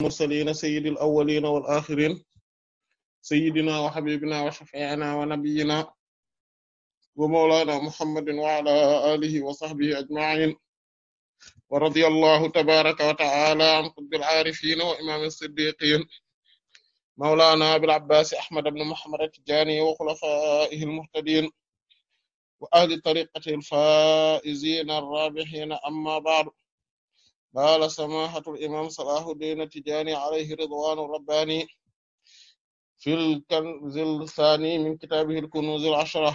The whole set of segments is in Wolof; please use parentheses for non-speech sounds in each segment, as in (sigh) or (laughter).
المرسلين سيد الأولين والآخرين سيدنا وحبيبنا وشفيعنا ونبينا ومولانا محمد وعلى آله وصحبه أجمعين ورضي الله تبارك وتعالى عن قطب العارفين وإمام الصديقين مولانا أبي العباس أحمد بن محمد التجاني وخلفائه المهتدين وأهل طريقته الفائزين الرابحين أما بعد qaala samaahatul imaam Salaahuddin Tijaani alayhi ridwaanu rabbaani fil kanzil saani min kitaabihil kunuuzil ashara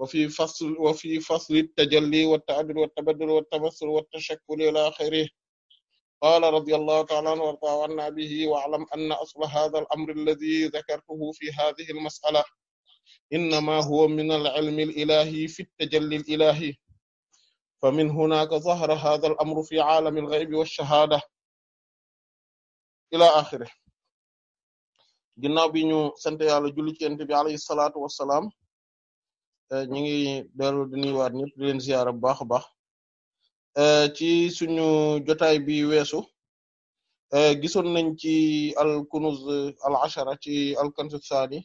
wa fi fasl wa fi faslit tajalli wa ta'addud wa tabaddul wa tamassul wa tashakkul ilaa xayrihi qaala radiyallaahu ta'aalaa anhu wa ardaahu annaa bihi wa a'lam anna asla haazal amri allazii zakartuhu fi haazihil mas'ala innamaa huwa minal ilmil ilaahii fit tajallil ilaahii فمن هناك ظهر هذا الأمر في عالم الغيب والشهادة إلى آخره ginnaaw bi ñu sant yàlla juli ci yonent bi alayhi salaatu wassalaam ñu ngi dellu di nuyuwaat leen ziyaara bu baax a baax ci suñu jotaay bi weesu gisoon nañ ci al kunuz al ashara ci al kanzu saani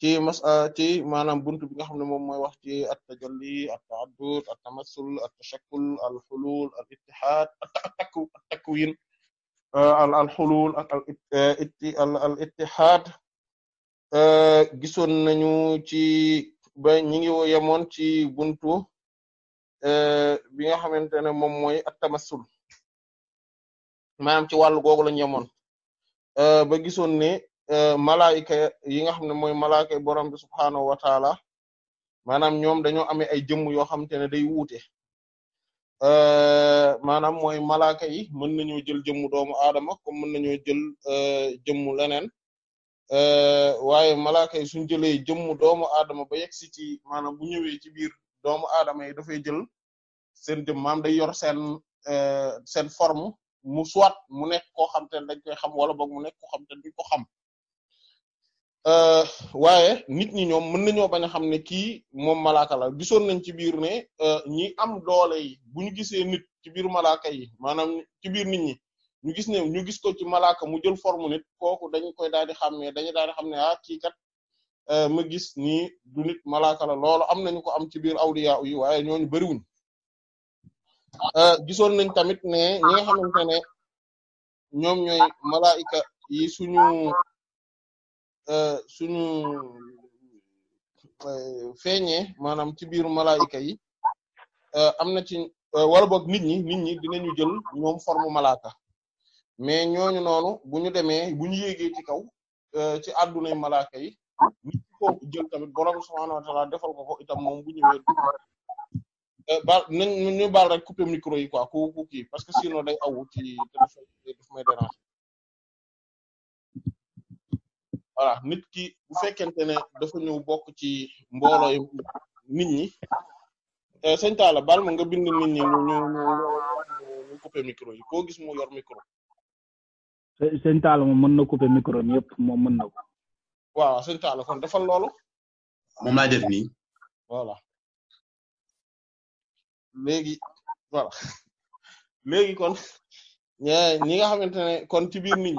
ci a ah, ci maanaam buntu bi nga xam ne moom mooy wax ci at-tajalli at-ta'addud at-tamassul at-tashakkul al-hulul al-ittihad at-takku a takwin ah, al-hulul eh, al-ittihad eh, gisoon nañu ci ba ñi ngi yemoon ci buntu eh, bi nga xamante ne moom mooy at-tamassul ci wàllu googu lañu yemoon ba gisoon ne Eh, malaayika yi nga xam ne mooy malaaka borom bi subhaanahu watala taala maanaam ñoom dañoo amee ay jëmm yoo xamante ne day wuute eh, maanaam mooy malaaka yi mën nañoo jël jëmmu doomu aadama comme mën nañoo jël eh, jëmmu leneen waaye malaaka yi suñ jëlee jëmmu doomu aadama ba yegg si ci maanaam bu ñëwee ci biir doomu aadama yi dafay jël seen jëmm maam day yor seen seen forme mu soit mu nekk koo xam te ne dañ koy xam wala boog mu nekk ko xam te ne ko xam Euh, waaye nit ñi ñoom mën nañoo bañ xam ne kii moom malaaka la gisoon nañ ci biir ne euh, ñi am doole yi bu ñu gisee nit ci biir malaaka yi maanaam ci biir nit ñi ñu gis ne ñu gis ko ci malaaka mu jël forme nit kooku dañu koy daal di xam ne dañu ah, daal di xam ne a kii kat euh, ma gis nii du nit malaaka la loolu am nañu ko am ci biir awliya yi waaye ñooñu bariwuñ gisoon nañ tamit ne ñi nga xamante ne ñoom ñooy malaaka yi suñu Euh, suñu euh, feeñee maanaam ci biir malaayika yi euh, am na ci wala boog nit ñi nit ñi dinañu jël ñoom forme malaaka mais ñooñu noonu bu ñu demee bu ñu yéegee ci kaw ci àddunay malaaka yi nit ko jël tamit borom subhaanahu wa ta'aala ko ko itam moom bu ñëwee baal nañ ñu baal rek couper micro yi quoi ku ku kii parce que sinon day awu ci téléphone daf may déranger voilà nit ki bu fekkente ne dafa ñu bokk ci mboolooy nit ñi euh, sëñ Talla bal ma nga bind nit ñu ñu ñu couper micro yi koo gis mu yor micro. sëñ Talla moom mën na couper micro bi yëpp moom mën na ko. waaw sëñ Talla kon defal loolu. moom laa def nii. voilà léegi voilà (laughs) léegi kon ñi nga xamante ne kon ci biir nit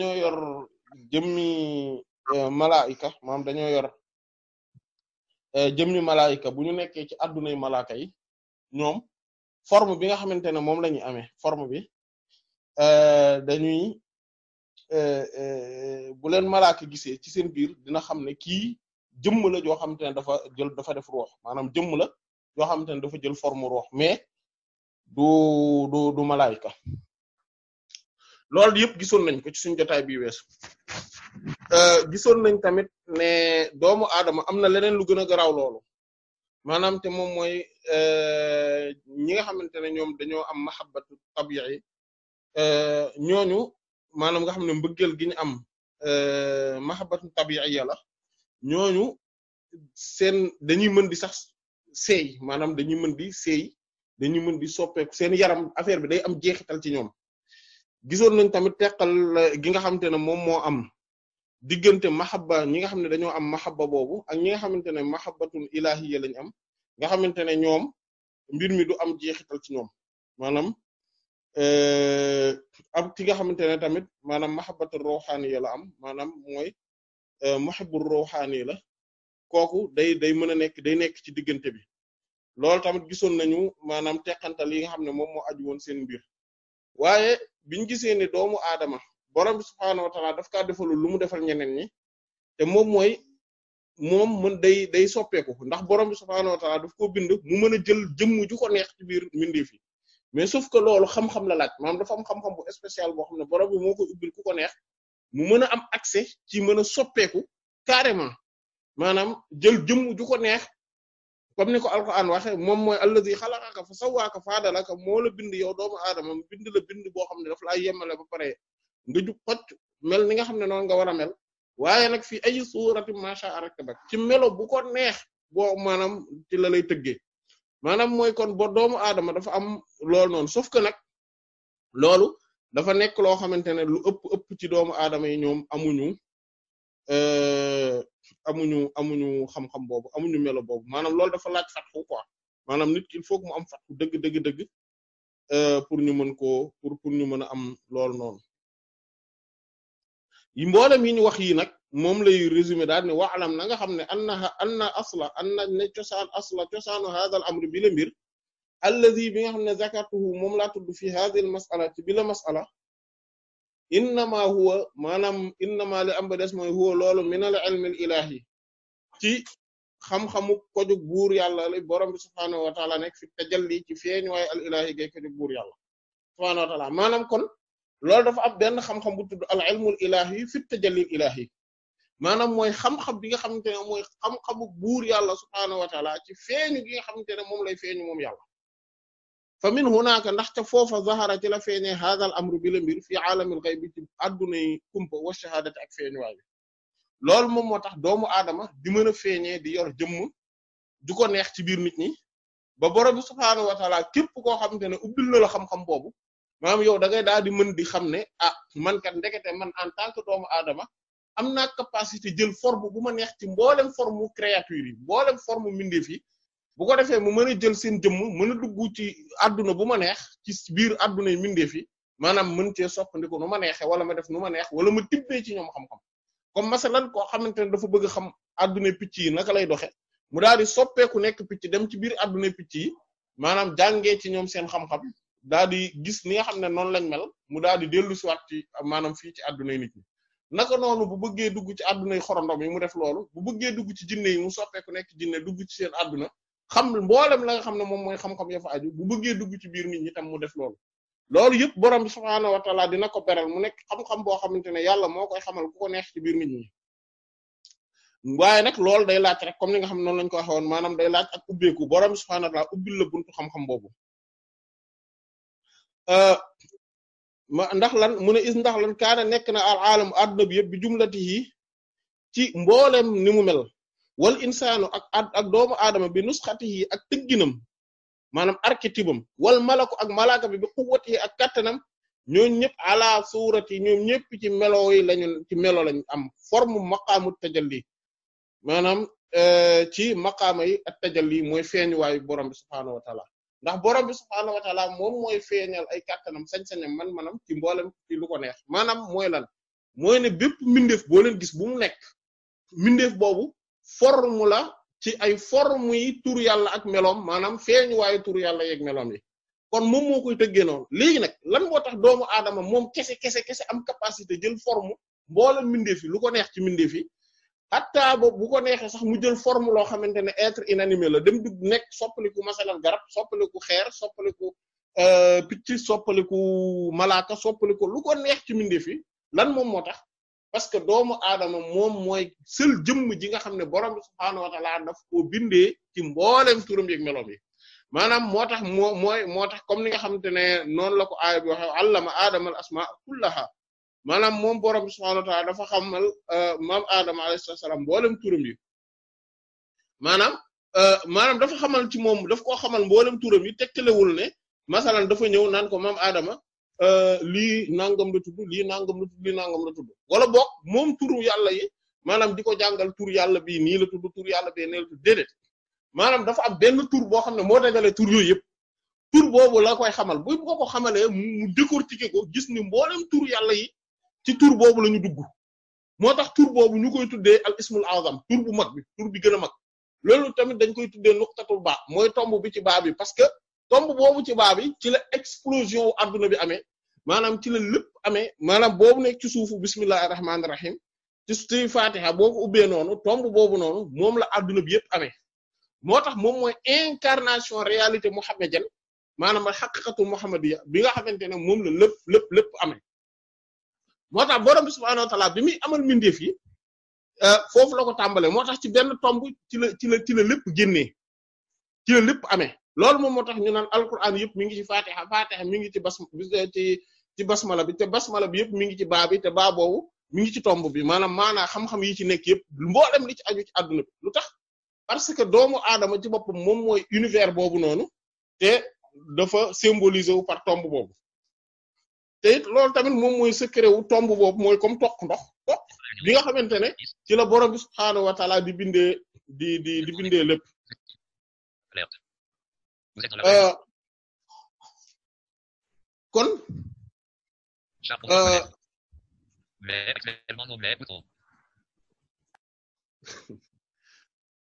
ñi yor. jëmmi eh, malaayika maanaam dañoo yor eh, jëmmi malaayika bu ñu nekkee ci addunay yi ñoom forme bi nga xamante ne moom la ñuy amee forme bi eh, dañuy bu leen malaaka gisee ci seen biir dina xam ne kii jëmm la joo xamante ne dafa jël dafa def ruux maanaam jëmm la joo xamante ne dafa jël forme ruux mais du du malayka loolu yëpp gisoon nañ ko ci suñu jotaay bi weesu euh, gisoon nañ tamit ne doomu aadama am na leneen lu gën a garaaw loolu maanaam te moom mooy euh, ñi nga xamante ne ñoom dañoo am mahabbatu tabi'i euh, ñooñu maanaam nga xam ne mbëggeel gi ñu am mahabbatu tabi'iyya la ñooñu seen dañuy mën di sax seey maanaam dañuy mën di seey dañuy mën di soppeeku seen yaram affaire bi day am jeexital ci ñoom gisoon nañ tamit teqal eh, gi nga xamante ne moom moo am diggante mahabba ñi nga xam ne dañoo am mahabba boobu ak ñi nga xamante ne mahabbatul ilahiyya lañ am nga xamante ne ñoom mbir mi du am jeexital ci ñoom maanaam eh, am ki nga xamante ne tamit maanaam mahabbatul ruhaniyya la am maanaam mooy eh, muhibbur ruhani la kooku day day mën a nekk day nekk ci diggante bi loolu tamit gisoon nañu maanaam teqantal yi nga xam ne moom moo aju woon seen mbir waaye biñu gisee ne doomu aadama borom bi subhaanahu wa ta'ala daf kaa defalul lu mu defal ñeneen ñi te moom mooy moom mën day day soppeeku ndax borom bi subhaanahu wa daf koo bind mu mën a jël jëmm ju ko neex ci biir mbindeef yi mais sauf que loolu xam la laaj maanaam dafa am xam-xam bu spécial boo xam ne borom bi moo ko ubbil ko neex mu mën a am accès ci mën a soppeeku carrément maanaam jël jëmm ju ko neex comme ni ko alquran waxe moom mooy allazi xalaqaka fa sawwaaka fa adalaka moo la bind yow doomu aadama bind la bind boo xam ne daf laa yemale ba pare nga jug xocc mel ni nga xam ne noonu nga war a mel waaye nag fii ay suurati masha rakkabak ci melo bu ko neex boo maanaam ci la lay tëggee maanaam mooy kon bo doomu aadama dafa am loolu noonu sauf que nag dafa nekk loo xamante ne lu ëpp ëpp ci doomu aadama yi ñoom amuñu euh amuñu amuñu xam-xam boobu amuñu melo boobu maanaam loolu dafa laaj fatxu quoi maanaam nit ki il faut mu am fatxu dëgg dëgg dëgg euh, pour ñu mën koo pour pour ñu mën a am loolu noonu yi mboolem yi ñu wax yi nag moom lay résumé daal ne waalam na nga xam ne anna anna asla anna ne cosaan asla cosaanu hadha al amr bi la mbir alladi bi nga xam ne zakartuhu moom laa tudd fi hadhihi al mas'ala ci bi la mas'ala innama huwa maanaam inama li am ba des mooy huwa loolu minal ilahi ci xam-xamu kojug buur yàlla la borom bi subhaanahu wa taala nekk fi tajalli ci feeñ waaye al ilahi gay kojug buur yàlla subhaanahu wa taala maanaam kon loolu dafa am benn xam-xam bu tudd al ilmul ilahi fi tajallil ilahi maanaam mooy xam-xam bi nga xamante ne mooy xam-xamu buur yàlla subhaanahu wa taala ci feeñu gi nga xamante ne moom lay feeñu moom yàlla fa min hunaka ndax ca foofa zahara ci la feeñee hadha al amru bi la mbir fii aalamil xayb bi ci adduna yi kumpa wa ak feeñuwaay bi loolu moom moo tax doomu aadama di mën a feeñee di yor jëmm du ko neex ci biir nit ñi ba borom bi subhaanahu wa taala képp koo xamante ne ubbil na la xam-xam boobu maanaam yow da ngay daal di mën di xam ne ah man kat ndekete man en tant que doomu aadama am naa capacité jël forme bu ma neex ci mboolem forme créature yi mboolem forme mindeef yi bu ko defee mu mën a jël seen jëmm mën a dugg ci adduna bu ma neex ci biir adduna yi mindeef yi maanaam mën cee soppandiku nu ma neexee wala ma def nu ma neex wala ma tibbee ci ñoom xam-xam comme masalan koo xamante ne dafa bëgg xam adduna picc yi naka lay doxe mu daal di soppeeku nekk picc dem ci biir adduna picc yi maanaam jàngee ci ñoom seen xam-xam daal di gis ni nga xam ne noonu lañ mel mu daal di dellu siwaat ci maanaam fii ci addunay nit ñi naka noonu bu bëggee dugg ci addunay xorondom yi mu def loolu bu bëggee dugg ci jinne yi mu soppeeku nekk jinne dugg ci seen adduna xam mboolem la nga xam ne moom mooy xam-xam ya fa aju bu bëggee dugg ci biir nit ñi tam mu def loolu loolu yëpp borom bi subhaanahu wa taala dina ko beral mu nekk xam-xam boo xamante ne yàlla moo koy xamal ku ko neex ci biir nit ñi nag loolu day laaj rek comme ni nga xam noonu lañu ko waxe woon maanaam day laaj ak ubbeeku borom bi subhaanahu wa taala la buntu xam-xam boobu euh, ma ndax lan mu ne is ndax lan kaana nekk na al aalamu adduna bi yëpp bi jumlatihi ci mboolem ni mu mel wal insaanu ak ak doomu aadama bi nusxatihi ak tëgginam maanaam archétype wal malaku ak malaka bi bi quwwatihi ak kattanam ñoo ñëpp ala surati ñoom ñëpp ci melo yi lañu ci melo lañu am forme maqaamu tajalli maanaam euh, ci maqaama yi at tajalli mooy feeñuwaayu borom bi subhaanahu wa ndax borom bi subhaanahu wa taala mooy feeñal ay kattanam sañ-sañam man manam ci mboolem ci lu ko maanaam mooy lan mooy ne bépp mbindeef boo leen gis bu mu nekk mbindeef boobu forme la ci ay forme yi tur yàlla ak meloom maanaam feeñu waaye tur yàlla yeeg meloom yi kon moom moo koy tëggee noonu léegi nag lan moo tax doomu aadama moom kese kese kese am capacité jël forme mboolem mbindeef fi lu ko neex ci mbindeef yi hatta boobu bu ko neexee sax mu jël forme loo xamante ne être inanimé la dem dugg nekk soppaliku masalan garab soppaliku xeer soppaliku euh, picc soppaliku malaaka soppaliku lu ko neex ci mbindeef yi lan moom moo tax parce que doomu aadama moom mooy sël jëmm ji nga xam ne borom subhaanahu wa ta'ala daf koo bindee ci mboolem turam yeeg meloom maanaam moo tax moo mooy moo tax comme ni nga xamante ne noonu la ko aaya bi waxe allama aadama al asmaa kullaha maanaam moom borom subhaanahu wa ta'ala dafa xamal euh, maam aadama alayhi salaam mboolem turam yi maanaam euh, maanaam dafa xamal ci moom daf koo xamal mboolem turam yi tegtalewul ne masalan dafa ñëw naan ko maam aadama Euh, lii nangam la tudd lii nangam la tudd lii nangam la tudd wala boog moom turu yàlla yi maanaam di ko jàngal tur yàlla bii nii la tudd tur yàlla bii nii la tudd déedéet maanaam dafa am benn tur boo xam ne moo dajale tur yooyu yëpp tur boobu la koy xamal bu ko ko xamalee mu décortiquer ko gis ni mboolem tur yàlla yi ci tur boobu la ñu dugg moo tax tur boobu ñu koy tuddee al ismul azam tur bu mag bi tur bi gën a mag loolu tamit dañ koy tuddee nuqtatul baa mooy tomb bi ci baa bi parce tomb boobu ci baa bi ci la explosion wu adduna bi amee maanaam ci la lépp amee maanaam boobu nekk ci suufu bismillahir rahmanir rahim ci suy fatiha boobu ubbee noonu tomb boobu noonu moom la adduna bi yëpp amee moo tax moom mooy incarnation réalité mohammedienne maanaam xaqiqatu muhammadiyya bi nga xamante ne moom la lépp lépp lépp amee moo tax borom bi ta'ala bi muy amal mbindeef yi euh, foofu la ko tàmbalee moo tax ci benn tomb ci la ci la ci la lépp génnee ci la lépp amee loolu moom moo tax ñu naan alquran yëpp mi ngi ci fatiha fatiha mi ngi ci bas ci ci basmala bi te basmala bi yëpp mi ngi ci baa bi te baa boobu mi ngi ci tomb bi maanaam maanaa xam-xam yi ci nekk yëpp mboolem li ci aju ci àdduna bi lu tax parce que doomu aadama ci boppam moom mooy univers boobu noonu te dafa symboliser wu par tomb boobu te it loolu tamit moom mooy secret wu tomb boobu mooy comme toq ndox toq bi nga xamante ne ci la borom bi subhaanahu wa taala di bindee di di di bindee Euh, kon. Euh, (laughs)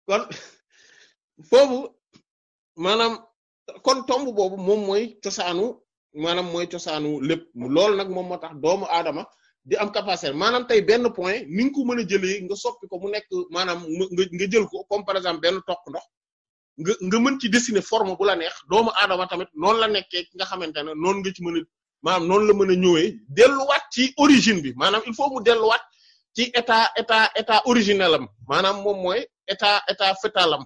kon foofu maanaam kon tomb boobu moom mooy cosaanu maanaam mooy cosaanu lépp loolu nag moom moo tax doomu aadama di am capacité maanaam tey benn point ni nga ko mën a jëlee nga soppi ko mu nekk maanaam nga jël ko comme par exemple benn toq ndox nga nga mën ci dessiner forme bu la neex doomu aadama tamit noonu la nekkee ki nga xamante ne noonu nga ci mën a maanaam noonu la mën a ñëwee delluwaat ci origine bi maanaam il faut mu delluwaat ci état état état originel am maanaam moom mooy état état fœtal am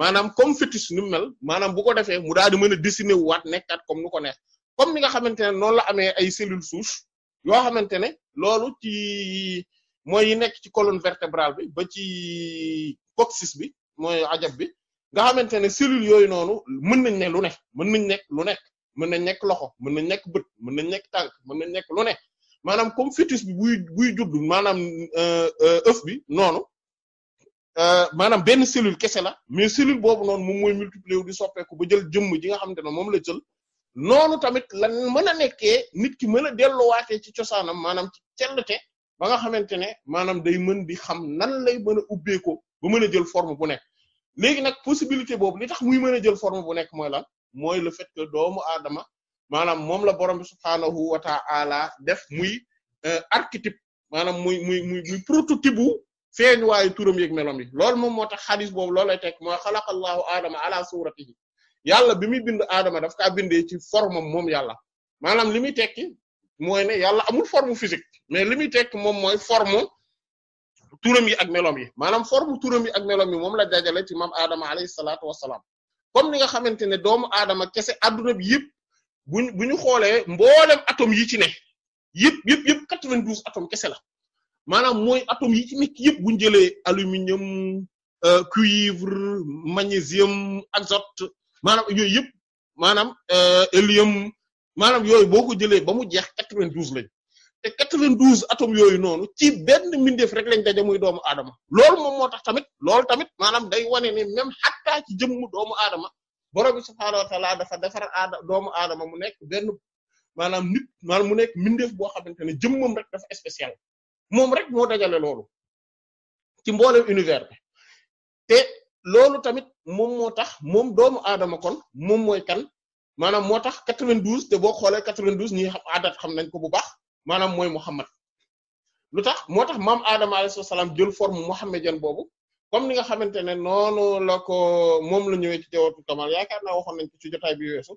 maanaam comme fœtus ni mu mel maanaam bu ko defee mu daal di mën a dessiner wu waat nekkaat comme nu ko neex comme ni nga xamante ne noonu la amee ay cellules souches yoo xamante ne loolu ci mooy yi nekk ci colonne vertébrale bi ba ci coccyx bi mooy ajab bi. nga xamante ne cellules yooyu noonu mën nañ ne lu ne mën nañ nekk lu nekk mën na nekk loxo mën nañ nekk bët mën nañ nekk tànk mën na nekk lu ne maanaam comme fœtus bi buy buy judd maanaam euh, euh, œuf bi noonu euh, maanaam benn cellule kese la mais cellule boobu noonu moom mooy multiplier wu di soppeeku ba jël jëmm ji nga xamante ne moom la jël noonu tamit lan mën a nekkee nit ki mën a delluwaatee ci cosaanam maanaam ci cellte ba nga xamante ne maanaam day mën bi xam nan lay mën a ubbeekoo ba mën a jël forme bu nekk léegi nag possibilité boobu li tax muy mën a jël forme bu nekk mooy la mooy le fait que doomu aadama maanaam moom la borom bi subhaanahu wa ta'ala def muy euh, archétype maanaam muy muy muy muy prototype bu feeñ waayu turam yeeg melom yi loolu moom moo tax xadis boobu loolay teg mooy xalaqallahu aadama ala suratihi yàlla bi muy bind aadama daf kaa bindee ci forme am moom yàlla maanaam li muy tekki mooy ne yàlla amul forme physique mais li muy tekki moom mooy forme turam yi ak meloom yi maanaam forme turam yi ak meloom yi moom la dajale ci maam Adama alayhi salaatu wa salaam comme ni nga xamante ne doomu Adama kese adduna bi yëpp buñ bu ñu xoolee mboolem atome yi ci ne yëpp yëpp yëpp 92 atome kese la maanaam mooy atome yi ci nekk yëpp buñ jëlee aluminium euh, cuivre magnésium azote maanaam yooyu yëpp maanaam euh, hélium maanaam yooyu boo ko jëlee ba mu jeex 92 lañ te 92 atomes yooyu noonu ci benn mbindeef rek lañ daje muy doomu aadama loolu moom moo tax tamit loolu tamit maanaam day wane ne même xattaa ci jëmmu doomu aadama borom bi subhaanahu wa ta'aala dafa defar aada doomu aadama mu nekk benn maanaam nit maanaam mu nekk mbindeef boo xamante ne jëmmam rek dafa spécial moom rek moo dajale loolu ci mboolem univers te loolu tamit moom moo tax mom doomu aadama kon moom mooy kan maanaam moo tax 92 te boo xoolee 92 ñi xam adat xam nañ ko bu baax. maanaam mooy Muhammad lu tax moo tax maam Adama alayhi salaam jël forme muhammadienne boobu comme ni nga xamante ne noonu la ko moom la ñëwee ci jawwatu kamal yaakaar naa waxoon nañ ko ci jotaay bi weesu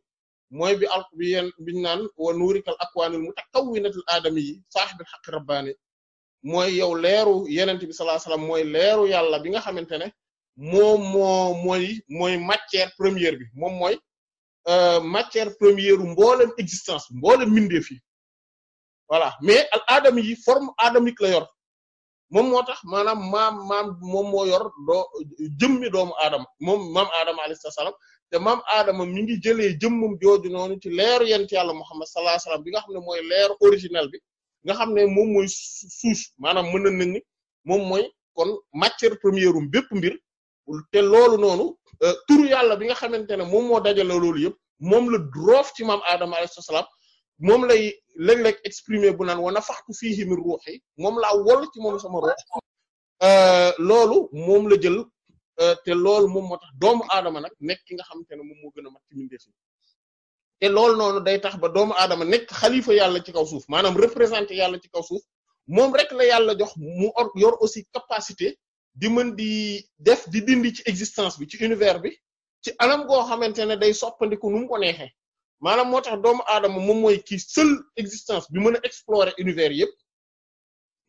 mooy bi al bi yeen biñu naan wa nuurikal akwaanil mutakawwinatil aadami yi saahibil haqqi rabbaani mooy yow leeru yenent bi sallallahu alayhi wasallam mooy leeru yàlla bi nga xamante ne moom moo mooy mooy matière première bi moom mooy euh, matière première u mboolem existence mboolem mindeef voilà mais al aadama yi forme adamique la yor moom moo tax maanaam maam maam moom moo yor doo jëmmi doomu aadama moom maam aadama alayhi salaam te maam aadama mi ngi jëlee jëmmum jooju noonu ci leeru yent yàlla Muhammad sallallahu alayhi wasallam bi nga xam ne mooy leer originel bi nga xam ne moom mooy suuf maanaam mën nañ ni moom mooy kon matière premier um bépp mbir te loolu noonu euh, turu yàlla bi nga xamante ne moom moo dajale loolu yëpp moom la droof ci maam aadama alayhi salaam moom lay léeg-léeg exprimer bu naan wa nafaxtu fiihi min ruuhi moom laa wol ci moom sama ruux euh, loolu moom la jël euh, te loolu moom moo tax doomu aadama nag nekk ki nga xamante ne moom moo gën a mat ci mbindeef te loolu noonu day tax ba doomu aadama nekk xalifa yàlla ci kaw suuf maanaam représenter yàlla ci kaw suuf moom rek la yàlla jox mu or yor aussi capacité di mën di def di dindi ci existence bi ci univers bi ci anam goo xamante ne day soppandiku nu mu ko neexee maanaam moo tax doomu aadama moom mooy ki seul existence bi mën a explorer univers yëpp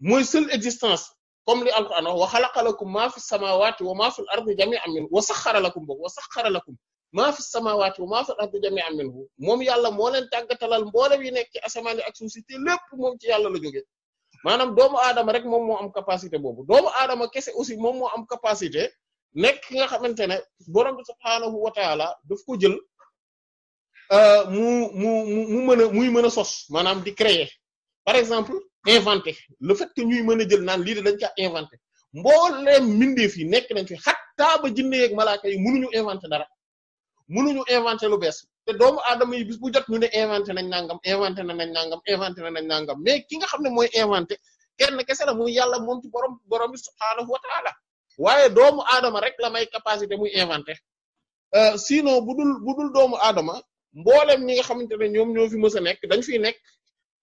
mooy seul existence comme li alquran wax wa xalaqa lakum maa fi samawati wa maa fil ardi jami'an minhu wa saxxara lakum boobu wa saxxara lakum maa fi samawati wa maa fil ardi jami'an minhu moom yàlla moo leen tàggatalal mboolem yi nekk ci ak suuf si te lépp moom ci yàlla la jóge maanaam doomu aadama rek moom moo am capacité boobu doomu aadama kese aussi moom moo am capacité nekk ki nga xamante ne borom bi subhaanahu wa taala daf ko jël Euh, mu mu mu mën a muy mën a sos maanaam di créer par exemple inventer le fait que ñuy mën a jël naan lii de dañ ka inventer mbooleem mbindeef yi nekk nañ fi xattaa ba jinne ak malaaka yi mënuñu inventer dara mënuñu inventer lu bees te doomu aadama yi bis jot ñu ne inventé nañ nangam inventé nañ nangam inventé nañ nangam mais ki nga xam ne mooy inventé kenn kese la muy yàlla moom ci borom borom bi subhaanahu wa taala waaye doomu aadama rek la may capacité mu inventé euh, sinon bu dul doomu aadama mboolem ñi nga xamante ne ñoom ñoo fi mës a nekk dañ fi nekk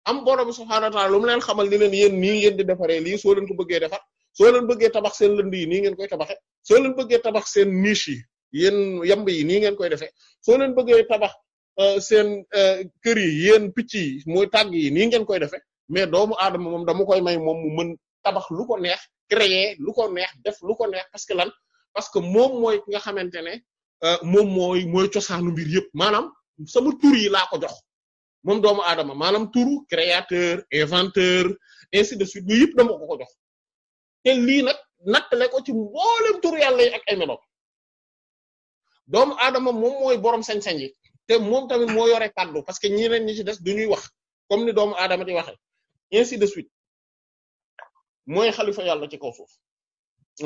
am borom subhaanahu wa ta'ala lu mu leen xamal ni leen yéen nii ngeen di defaree lii soo leen ko bëggee defar bëggee tabax seen lënd yi nii ngeen koy tabaxe soo leen bëggee tabax seen niche yi yéen yamb yi nii ngeen koy defee soo leen bëggee tabax euh, seen euh, kër yi yéen picc yi mooy tàgg yi nii ngeen koy defee mais doomu aadama moom dama koy may moom mu mën tabax lu ko neex créer lu ko neex def lu ko neex parce que lan parce que moom mooy ki nga xamante ne euh, moom mooy mooy cosaanu mbir yëpp maanaam sama tur yi laa ko jox moom doomu aadama maanaam turu créateur inventeur ainsi de suite lu yëpp dama ko ko jox te lii nag nattale ko ci mboolem turu yàlla yi ak ay melo doomu adama moom mooy boroom sañ-sañ yi te moom tamit moo yore kàddu parce que ñeneen ñi ci des ñuy wax comme ni doomu aadama di waxe ainsi de suite mooy xalifa yàlla ci kaw suuf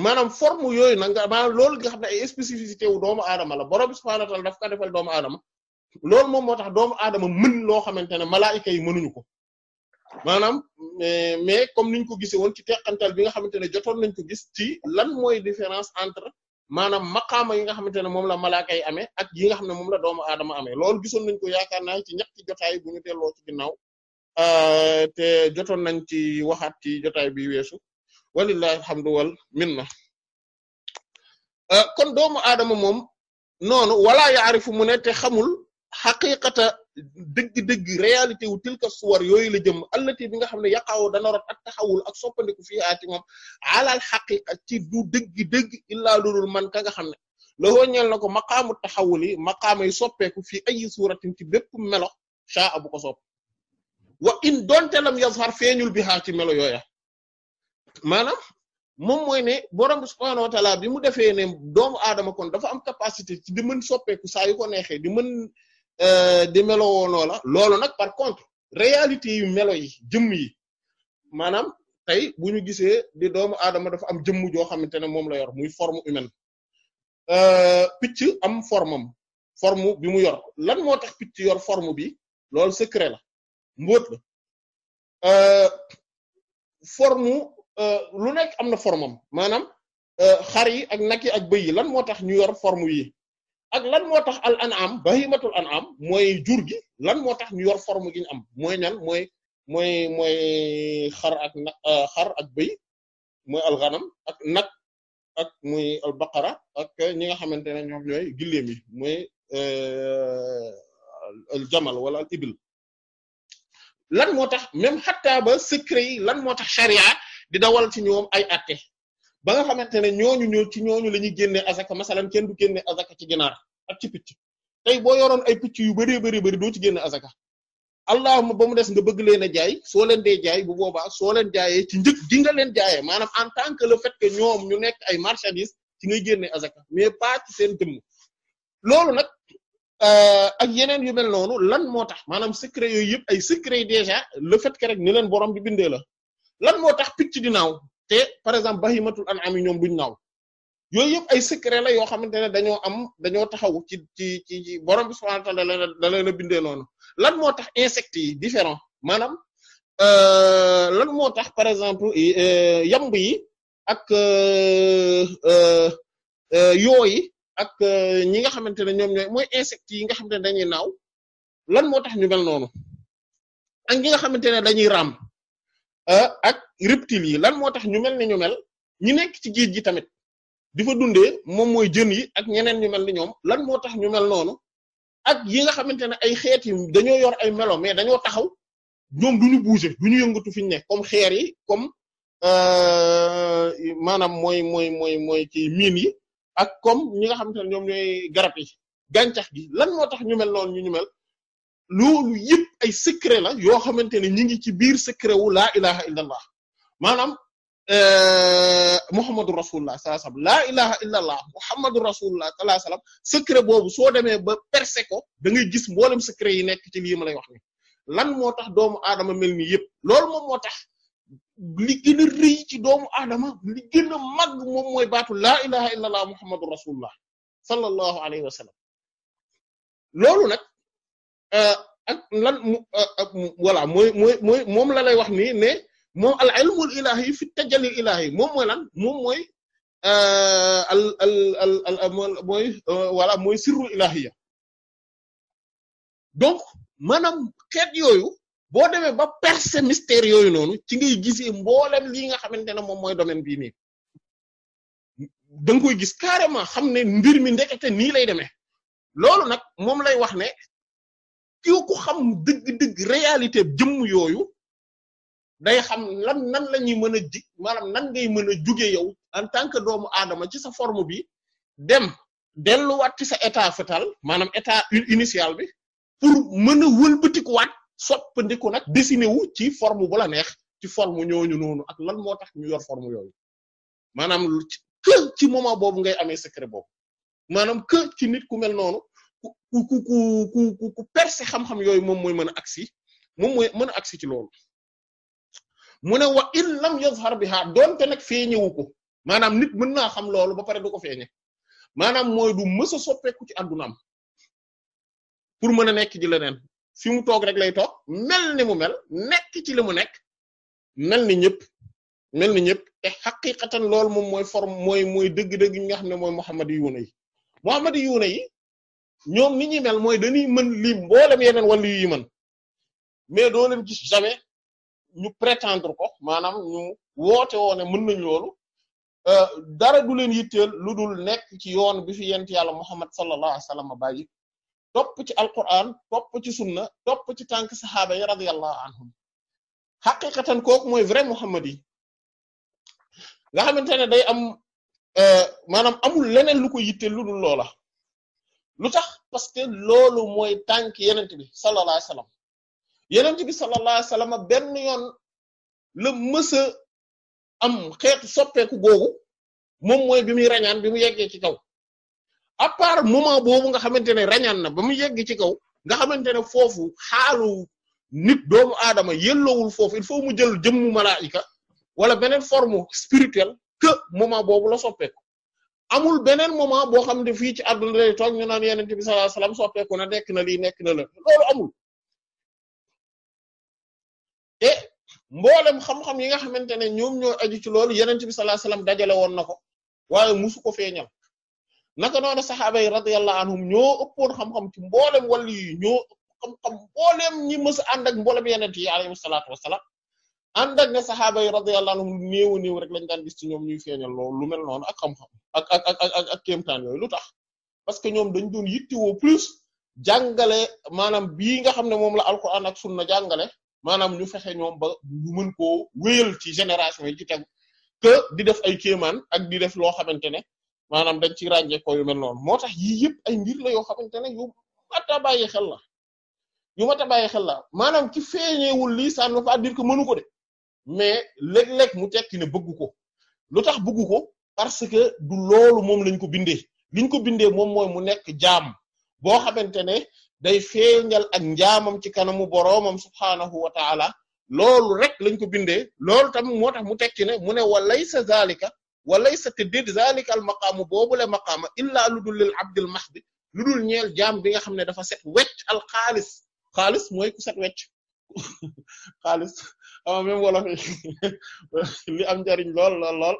maanaam forme yooyu nag maanaam loolu nga xam ne ay spécificité wu doomu aadama la borom subhaanahu wa ta'aala daf ko defal doomu aadama loolu moom moo tax doomu aadama mën loo xamante ne malaayika yi mënuñu ko maanaam mais comme niñ ko gisee woon ci teqantal bi nga xamante ne jotoon nañ ko gis ci lan mooy différence entre maanaam maqaama yi nga xamante ne moom la malaaka yi amee ak yi nga xam ne moom la doomu adama amee loolu gisoon nañ ko yaakaar naa ci ñetti jotaay bu ñu delloo ci ginnaaw euh, te jotoon nañ ci waxaat ci jotaay bi weesu walillahi alhamdu wal min minna euh, kon doomu aadama moom noonu wala yaarifu mu ne te xamul xaqiqata dëgg-dëgg réalité wu tilka suwar yooyu la jëm allati bi nga xam ne yaqaaw dana rot ak taxawul ak soppandiku fii aati moom alal xaqiqa ci du dëgg-dëgg illaa man ka nga xam ne loo ñeel na ko maqaamu taxawul yi maqaama yi soppeeku fii ay suuratin ci bépp melo caa abu ko sopp wa in donte lam yazhar feeñul bi xaar ci melo yooya maanaam moom mooy ne borom bi subhaanahu wa bi mu defee ne doom aadama kon dafa am capacité ci di mën soppeeku saa yu ko neexe di mën. Euh, di melo woonoo la loolu nag par contre réalité yu melo yi jëmm yi maanaam tey bu ñu gisee di doomu aadama dafa am jëmm joo xamante ne moom la yor muy forme humaine euh, picc am formam forme bi mu yor lan moo tax picc yor formu bi loolu secret la mbóot la euh, forme lu nekk am na formam maanaam xar yi ak nag yi ak bëy yi lan moo tax ñu yor forme yi ak lan moo tax al an'am bahimatul an'am mooy jur gi lan moo tax ñu yor forme gi am mooy ñan mooy mooy mooy xar ak na euh, xar ak bëy mooy al ak nag ak muy al baqara ak ñi nga xamante ne ñoom ñooy gilleem yi mooy euh, al jamal wala al ibil lan moo tax même xataa secret yi lan moo tax charia di dawal ci ñoom ay atte ba nga xamante ne ñooñu ñoo ci ñooñu la ñuy génnee azaka masalan kenn du génne azaka ci ginaar ak ci picc tey boo yoroon ay picc yu bari bari bari doo ci génne azaka allahuma ba mu des nga bëgg leen a jaay soo leen dee jaay bu boobaa soo leen jaayee ci njëg gi nga leen jaayee maanaam en tant que le fait que ñoom ñu nekk ay marchandises ci ngay génne azaka mais pas ci seen loolu nag euh, ak yeneen yu mel noonu lan moo tax maanaam secret yooyu yëpp ay secret déjà le fait que rek ni leen borom bi bindee la lan moo tax picc di te par exemple bahimatul an'am yi ñoom duñ naaw yooyu yëpp ay secret la yoo xamante ne dañoo am dañoo taxaw ci ci ci borom bi subhanahu wa ta'ala da leen da leen a bindee noonu lan moo tax insectes yi différent maanaam euh, lan moo tax par exemple euh, yamb yi ak euh, yoyi ak ñi nga xamante ne ñoom ñooy mooy insectes yi nga xamante ne dañuy naaw lan moo tax ñu mel noonu ak ñi nga xamante ne dañuy raam. Euh, ak reptiles yi lan moo tax ñu mel ne ñu mel ñi nekk ci géej gi tamit di fa dundee moom mooy jën yi ak ñeneen ñu mel ni ñoom lan moo tax ñu mel noonu ak yi nga xamante ne ay xeet yi dañoo yor ay melo mais dañoo taxaw ñoom du ñu bouger du ñu yëngatu fi ñu nekk comme xeer yi comme euh, maanaam mooy mooy mooy mooy ci mine yi ak kom ñi nga xamante ne ñoom ñooy garab yi gàncax gi lan moo tax ñu mel noonu ñu ñu mel. loolu yëpp ay secret la yoo xamante ne ñu ngi ci biir secret wu laa ilaha illallah maanaam euh, Muhammadu rasulullah sallallahu alayhi wasallam laa ilaha illallah Muhammadu rasulullah sallallahu alayhi wasallam boobu soo demee ba percer ko da ngay gis mboolem secret yi nekk ci lii ma lay wax lan moo tax doomu aadama mel mi yëpp loolu moom moo tax li gën a rëy ci doomu aadama li gën a màgg moom mooy baatu laa ilaha illallah Muhammadu rasulullah sallallahu alayhi wasallam loolu nag. Euh, ak lan euh, mu voilà mooy mooy mooy moom la lay wax nii ne moom al ilmul ilahi fi tajallil ilahi moom mooy lan moom mooy euh, al al al al mooy voilà mooy sirrul ilahiya donc maanaam xeet yooyu boo demee ba percer mystère yooyu noonu ci ngay gisee mboolem lii nga xamante ne moom mooy domaine bii nii da nga koy gis carrément xam ne mbir mi ndekete nii lay demee loolu nag moom lay wax ne kii ku xam dëgg-dëgg réalité jëmm yooyu day xam lan nan la ñuy mën a ji maanaam nan ngay mën a juge yow en tant que doomu aadama ci sa forme bi dem delluwaat ci sa état fetal maanaam état initial bi pour mën a wëlbatikuwaat soppandiku nag dessiné wu ci forme bu la neex ci forme ñooñu noonu ak lan moo tax ñu yor forme yooyu maanaam que ci moment boobu ngay amee secret boobu maanaam que ci nit ku mel noonu. ku ku ku ku ku percer xam-xam yooyu moom mooy mën aksi agsi moom mooy mën a agsi ci loolu mu ne wa in lam yazhar biha donte nag feeñewu ko maanaam nit mën naa xam loolu ba pare du ko feeñe maanaam mooy du mës a soppeeku ci àddunaam pour mën a nekk ci leneen fi mu toog rek lay to mel ni mu mel nekk ci li mu nekk mel ni ñëpp mel ni ñëpp te xaqiqatan loolu moom mooy forme mooy mooy dëgg-dëgg ñi nga xam ne mooy Muhammad yuuna ñoom ni ñuy mel mooy dañuy mën lim mboolem yeneen wàllu yi mën mais doo leen gis jamais ñu prétendre ko maanaam ñu woote woo ne mën nañ loolu euh, dara du leen yitteel lu dul nekk ci yoon bi fi yent yàlla Muhammad sallallahu alayhi wasallam bàyyi topp ci alquran topp ci sunna topp ci tànk saxaaba yi radiyallahu anhum xaqiqatan kooku mooy vrai Muhammad yi nga xamante ne day am euh, maanaam amul leneen lu ko yitteel lu dul loola lu tax parce que loolu mooy tànk yenent bi sallallahu alayhi wasallam yenent bi sallallahu alayhi wasallam benn yoon la mësa am xeetu soppeeku googu moom mooy bi muy rañaan bi mu yeggee ci kaw à part moment boobu nga xamante ne rañaan na ba mu yegg ci kaw nga xamante ne foofu xaalu nit doomu aadama yelloowul foofu il faut mu jël jëmmu malaika wala beneen forme spirituelle que moment boobu la soppeeku amul beneen moment boo xam ne fii ci àdduna lay toog ñu naan yenente bi sallallahu alayhi na nekk na lii nekk na la loolu amul te mboolem xam-xam yi nga xamante ne ñoom ñoo aju ci loolu yenente bi sallallahu alayhi wasallam dajale woon na ko waaye musu ko feeñal naka noonu saxaaba yi radiyallahu anhum ñoo ëppoon xam-xam ci mboolem wàll yi ñoo xam-xam mboolem ñi mës a ànd ak mboolem yenente yi alayhi salaatu wassalaam ànd ak ne saxaaba yi radiyallahu anhum néew néew rek lañ daan gis ci ñoom ñuy feeñal lool lu mel noonu ak xam-xam ak a ak ak ak kéemtaan lu tax parce que ñoom dañ doon yittewoo plus jàngale maanaam bii nga xam ne moom la alko alquran ak sunna jàngale maanaam ñu fexe ñoom ba ñu mën koo wéyal ci génération yi ci tegu que di def ay kéemaan ak di def loo xamante ne maanaam dañ ci ràññee ko yu mel moo tax yii yëpp ay mbir la yoo xamante ne yu mat a bàyyi xel la yu mat a bàyyi xel la maanaam ci lii ça ne veut pas mënu ko de. mais léeg-léeg mu tekki ne bëgg ko lu tax bëgg ko parce que du loolu moom lañ ko bindee liñ ko bindee moom mooy mu nekk jaam boo xamante ne day feeñal ak njaamam ci kanamu boroomam subhaanahu wa loolu rek lañ ko bindee loolu tam moo tax mu tekki ne mu ne walaysa zalika walaysa te déet zalika al maqaamu boobule maqaama illaa lu dul lil abdil mahdi lu dul ñeel jaam bi nga xam ne dafa set wecc al xaalis xaalis mooy ku set wecc (laughs) xaalis ah même wolof (laughs) li am njariñ lool lool lool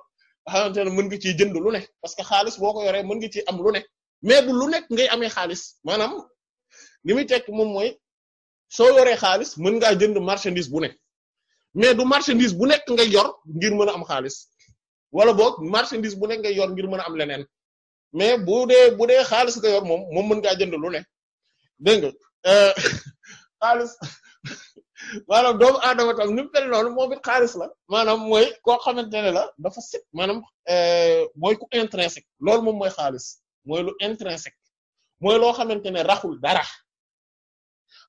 xamante ne mën nga ciy jënd lu ne parce que xaalis boo ko yoree mën nga ciy am lu ne mais du lu nekk ngay amee xaalis maanaam li muy tekk moom mooy soo yoree xaalis mën ngaa jënd marchandise bu ne mais du marchandise bu nekk ngay yor ngir mën a am xaalis wala boog marchandise bu nekk ngay yor ngir mën a am leneen mais bu dee bu dee xaalis nga yor moom moom mën ngaa jënd lu ne dégg nga euh, (laughs) xaalis. maanaam doomu aadama tam ni mu mel moom it xaalis la maanaam mooy koo xamante ne la dafa maanaam euh, mooy ku intrinsèque loolu moom mooy xaalis mooy lu intrinsèque mooy loo xamante ne raxul dara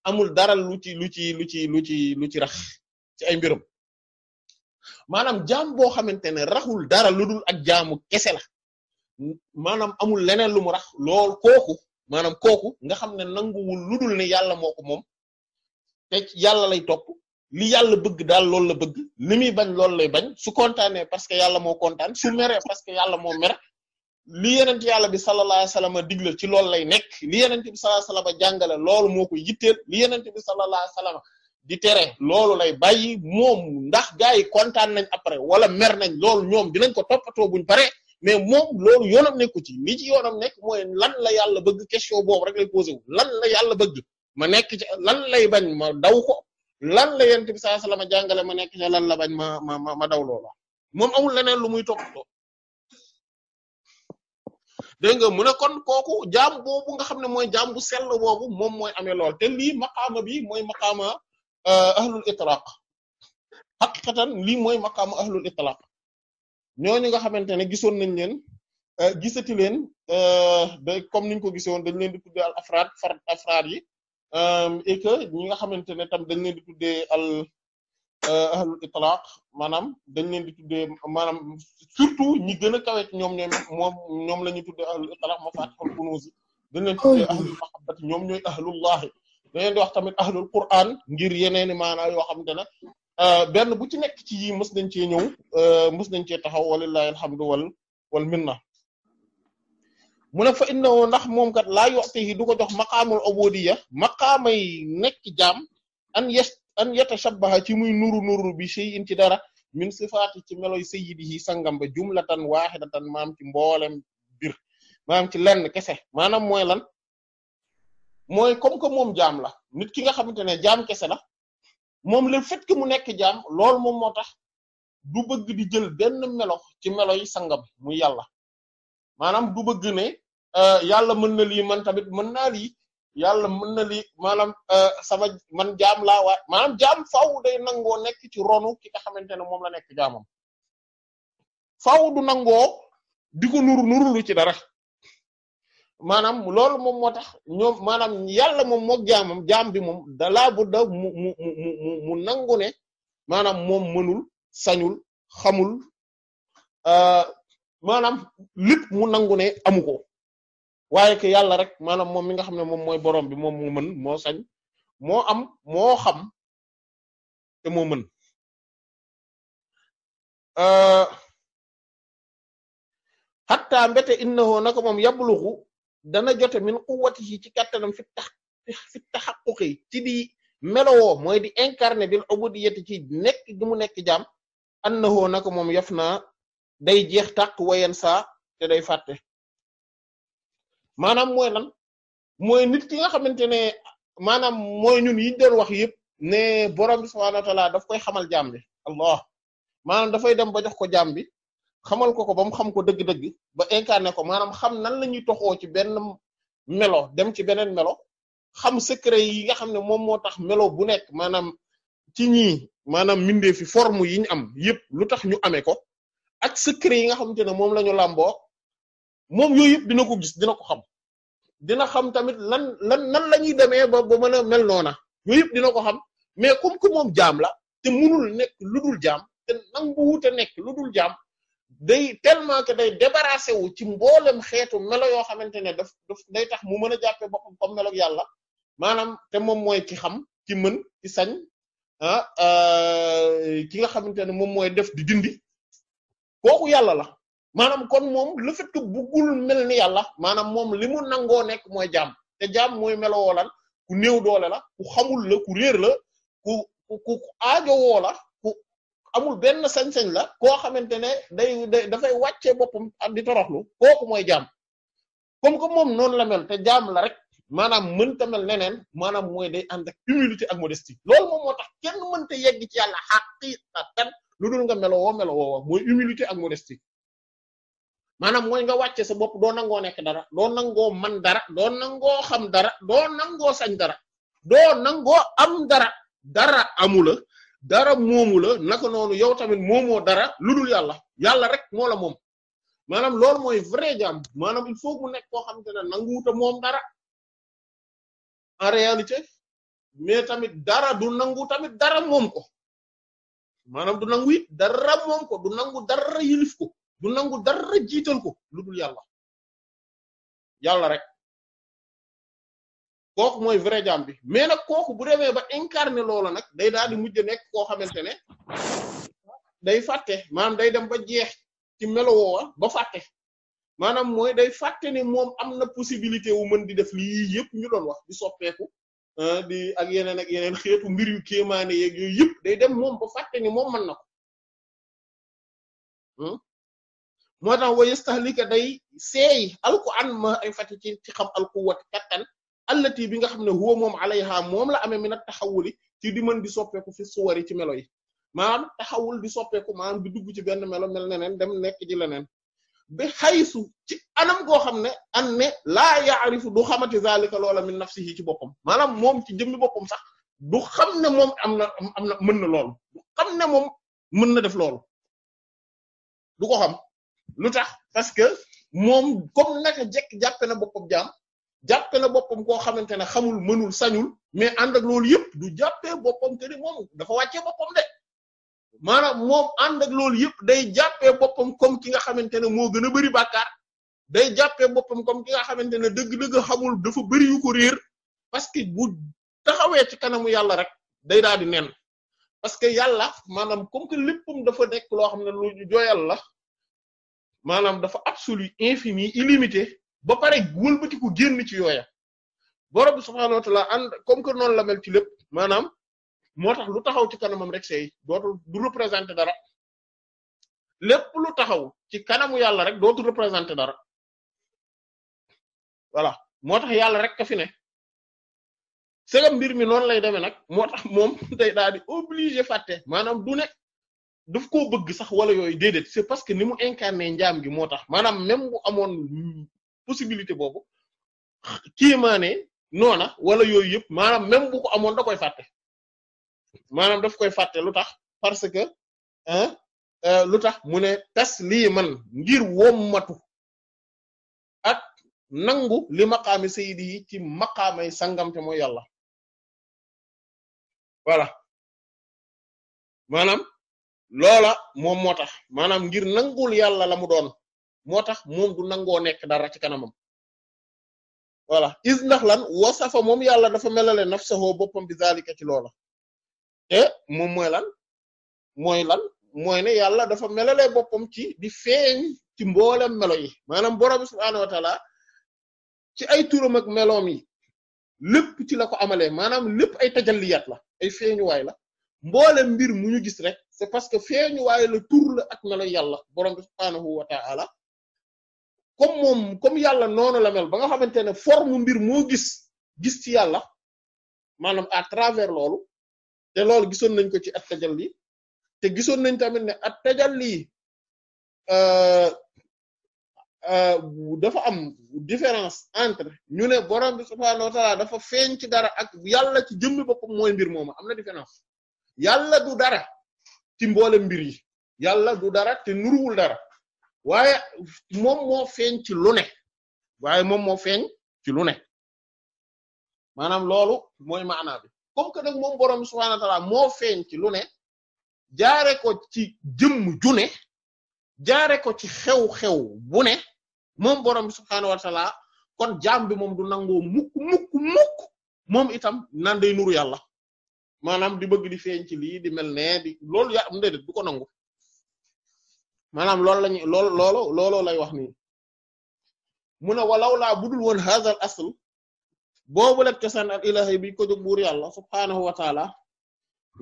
amul dara lu ci lu ci lu ci lu ci lu ci rax ci ay mbirum maanaam jaam boo xamante ne raxul dara lu dul ak jaamu kese la maanaam amul leneen lu mu rax lool kooku maanaam kooku nga xam ne nanguwul lu dul ne yàlla moo ko moom te yàlla lay topp li yàlla bëgg daal loolu la bëgg li muy bañ lool lay bañ su kontaanee parce que yàlla moo kontaan su meree parce que yàlla moo mere li yenent yàlla bi sallallahu alayhi wasallam digle ci loolu lay nekk li yenent bi sallallahu alayhi wasallam jàngale loolu moo ko yitteel li yenent bi sallallahu alayhi di tere loolu lay bàyyi moom ndax gaa yi kontaan nañ après wala mer nañ loolu ñoom dinañ ko toppatoo buñ pare mais moom loolu yoonam nekku ci li ci yoonam nekk mooy lan la yàlla bëgg question boobu rek lan la yàlla bëgg ma nekk ci lan lay bañ ma daw ko lan la yent bi sallallahu alayhi wasallam jàngale ma nekk ci lan la bañ ma ma ma daw moom amul leneen lu muy toppatoo nga mu ne kon kooku jaam boobu nga xam ne mooy jaam bu sell boobu moom mooy amee lool te lii maqaama bi mooy maqaama euh, ahlul itlaq haqiqatan lii mooy maqaama ahlul itlaq ñooñu nga xamante ne gisoon nañ leen euh, gisati leen euh, comme niñ ko gisee woon dañ leen di tuddee al afraad fard afraad yi Euh, et que ñi nga xamante ne tam dañ leen di tuddee al euh, ahlul itlaq maanaam dañ leen di tuddee maanaam surtout ñi gën a kawe ñoom ñooy moom ñoom la ñuy tuddee ahlul itlaq mafatihul kunuz dañ leen tuddee ahlul mahabbati ñoom ñooy ahlullahi dañ leen di wax tamit ahlul qur'an ngir yeneeni maanaa yoo xamante ne euh, benn bu ci nekk ci yi mës nañ cee ñëw mës nañ cee taxaw walillahi alhamdu wal wal minna mu ne fa innahu ndax moom kat laa yu'tihi du ko jox maqaamul ubudiyya maqaamay nekk jaam an yes an ci muy nuru nuru bi shay'in ci dara min sifaati ci meloy sayyidihi sangam ba jumlatan waahidatan maam ci mboolem bir maam ci lenn kese maanaam mooy lan mooy comme que moom jaam la nit ki nga xamante ne jaam kese la moom le fait que mu nekk jaam lool moom moo tax du bëgg di jël benn melo ci melo yi sangam muy yàlla maanaam du bëgg ne Euh, yàlla mën na lii man tamit mën naa lii yàlla mën na lii maanaam euh, sama man jaam laa waay maanaam jaam faaw day nangoo nekk ci ronu ki nga xamante ne moom la nekk jaamam faaw du nangoo di ko nuru nurulu ci dara maanaam loolu moom moo tax ñoom maanaam yàlla moom moog jaamam jaam bi moom dalaa bu da mu mu mu mu nangu ne maanaam moom mënul sañul xamul euh, maanaam lépp mu nangu ne amu waaye que yàlla rek maanaam moom mi nga xam ne moom mooy borom bi moom moo mën moo sañ moo am moo xam te moo mën xatta euh, mbete innahu naka moom yabluxu dana jote min quwwatihi ci kattanam fi tax fi taxaquqi ci di melowoo mooy di incarné bil ubudiyyati ci nekk gi mu nekk jaam annahu naka moom yaf naa day jeex tàq wayen sa te day fàtte maanaam mooy lan mooy nit ki nga xamante ne maanaam mooy ñun yiñ doon wax yëpp ne borom bi subhaanahu wa daf koy xamal jaam bi allah maanaam dafay dem ba jox ko jaam bi xamal ko ko ba mu xam ko dëgg-dëgg ba incarné ko maanaam xam nan la ñuy toxoo ci benn melo dem ci beneen melo xam secret yi nga xam ne moom moo tax melo bu nekk maanaam ci ñii maanaam mbindeef fi forme yi ñu am yëpp lu tax ñu amee ko ak secret yi nga xam ne moom la ñu làmboo moom yooyu dina ko gis dina ko xam dina xam tamit lan lan nan la ñuy demee ba ba mën a mel noona yooyu yëpp dina ko xam mais comme que moom jaam la te munul nekk lu dul jaam te nangu wuute nekk lu dul jaam day tellement que day débarrassé wu ci mboolem xeetu melo yoo xamante ne daf day tax mu mën a jàppee boppam comme melo yàlla maanaam te moom mooy ki xam ki mën ki sañ ah euh, ki nga xamante ne moom mooy def di dindi kooku yàlla la. maanaam kon moom le fait que buggul mel ni yàlla maanaam moom li mu nangoo nekk mooy jaam te jaam mooy melowoo lan ku néew doole la ku xamul la ku réer la ku ku ku aajowoo la ku amul benn sañ-sañ la koo xamante ne day day dafay wàccee boppam ak di toroxlu kooku mooy jaam comme que moom noonu la mel te jaam la rek maanaam mënta mel neneen maanaam mooy day ànd ak humilité ak modestie loolu moom moo tax kenn mënta yegg ci yàlla xaqiqatan lu dul nga melowoo melowoo mooy maanaam mooy nga wàcce sa bopp doo nangoo nekk dara doo nangoo man dara doo nangoo xam dara doo nangoo sañ dara doo nangoo am dara dara amula dara moomu naka noonu yow tamit moomoo dara lu dul yàlla yàlla rek moo la moom maanaam loolu mooy vrai jàmm maanaam il faut mu nekk koo xamante ne nanguwuta moom dara en réalité mais tamit dara du nangu tamit dara moom ko maanaam du nangu it dara moom ko du nangu dara yilif ko du nangu dara jiital ko lu dul yàlla yàlla rek kooku mooy vrai bi mais nag kooku bu demee ba incarné loola nag day daal di mujj nekk koo xamante ne day fàtte maanaam day dem ba jeex ci melo ba fàtte maanaam mooy day fàtte ni moom am na possibilité wu mën di def lii yëpp ñu doon wax di soppeeku ah, di ak yeneen ak yeneen xeetu mbir yu kéemaane yeeg yooyu yëpp day dem moom ba fàtte ne moom mën na ko. Hmm? moo tax wa yastahlika day seey alquran ay fati ci ci xam alquwwat kattan allati bi nga xam ne huwa moom alayha moom la amee min at taxawuli ci di di soppeeku fi suwari ci melo yi maanaam taxawul di soppeeku maanaam di dugg ci benn melo mel neneen dem nekk ji leneen bi xaysu ci anam goo xam ne an ne laa yaarifu du xamati zalika loola min nafsihi ci boppam maanaam moom ci jëmmi boppam sax du xam ne moom am na am na mën na loolu du xam ne moom mën na def loolu du ko xam lu tax parce que moom comme naka jekk jàppe na boppam jaam jàppe na boppam koo xamante ne xamul mënul sañul mais ànd ak loolu yëpp du jàppee boppam te ni dafa wàccee boppam de maanaam moom ànd ak loolu yëpp day jàppee boppam comme ki nga xamante ne moo gën a bari bàkkaar day jàppe boppam kom ki nga xamante ne dëgg-dëgg xamul dafa bari yu ko réer parce que bu taxawee ci kanamu yàlla rek day daal di nen parce que yàlla maanaam comme que léppam dafa nekk loo xam ne lu joyal la maanaam dafa absolu infini illimité ba pare wëlbatiku génn ci yooya borom bi subhaanahu wa ta'ala ànd comme que noonu la mel ci lépp maanaam moo tax lu taxaw ci kanamam rek seey dootul du représenter dara lépp lu taxaw ci kanamu yàlla rek dootul représenter dara voilà moo tax yàlla rek ka fi ne segam mbir mi noonu lay demee nag moo tax moom (laughs) day daal di obligé fàtte maanaam du def koo bëgg sax wala yooyu déedéet c'est parce que ni mu incarné njaam gi moo tax maanaam même bu amoon possibilité boobu kiimaane noona wala yooyu yëpp maanaam même bu ko amoon da koy fàtte maanaam daf koy fàtte lu tax parce que hein euh, lu tax mu ne tas lii man ngir matu ak nangu li maqaami sayidi yi ci maqaamay sangamte mo yàlla voilà maanaam loola moom moo tax maanaam ngir nangul yàlla la mu doon moo tax moom du nangoo nekk dara ci kanamam voilà is ndax lan wasafa moom yàlla dafa melale nafsahu boppam bi zalika ci loola te moom mooy lan mooy lan mooy ne yàlla dafa melale boppam ci di feeñ ci mboolem melo yi maanaam borom subhaanahu wa taala ci ay turam ak meloom yi lépp ci la ko amalee maanaam lépp ay tajalliyaat la ay feeñuwaay la mboolem mbir mu ñu gis rek c'est parce que feeñu waaye la tur la ak melo yàlla borom bi subhaanahu wa ta'ala comme moom comme yàlla noonu la mel ba nga xamante ne forme mbir moo gis gis ci yàlla maanaam à travers loolu te loolu gisoon nañ ko ci at-tajalli te gisoon nañ tamit ne at-tajalli euh, euh, dafa am différence entre ñu ne borom bi subhaanahu wa ta'ala dafa feeñ ci dara ak yàlla ci jëmmi boppam mooy mbir moomu am na différence. yàlla du dara ci mboolem mbir yi yàlla du dara te nuruwul dara waaye moom moo feeñ ci lu ne waaye moom moo feeñ ci lu ne maanaam loolu mooy maanaa bi comme que nag moom boroom moo feeñ ci lu ne jaare ko ci jëmm ju ne jaare ko ci xew-xew bu ne moom boroom subhaanahu kon jaam bi moom du nangoo mukk mukk mukk moom itam nan day nuru yàlla maanaam di bëgg di feeñ ci di mel ne di loolu yaa am déedéet du ko nangu maanaam loolu lañu lool looloo lay wax nii mu ne walaw laa budul woon hadha al asl boobu lek cosaan al ilahi bi ko jóg buur yàlla subhaanahu wa taala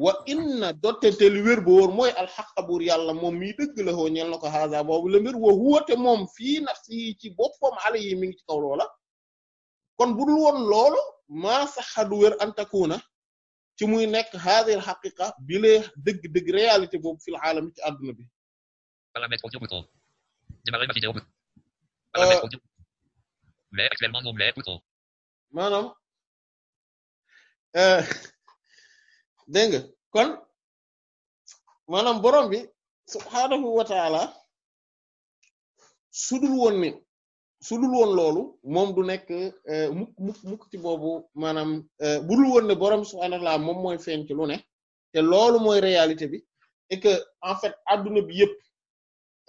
wa inna dottete li wér ba wóor mooy alxaqa buur yàlla moom mii dëgg la hoo ñel na ko haasa boobu la mbir wa huwate moom fii nafsi ci boppam ala yi mi ngi ci kaw loola kon budul woon loolu maa sax du wér an takuna ci muy nekk hadhihi al-haqiqa bilee dëgg dëgg réalité boobu fil aalami ci àdduna bi. Euh, maanaam euh, dégg nga kon maanaam borom bi subhaanahu wa taala sudul woon su dul woon loolu moom du nekk euh, mukk mukk mukk ci boobu maanaam euh, bu dul woon ne borom subhaanahu wa ta'aala moom mooy feeñ ci lu ne te loolu mooy réalité bi et que en fait adduna bi yëpp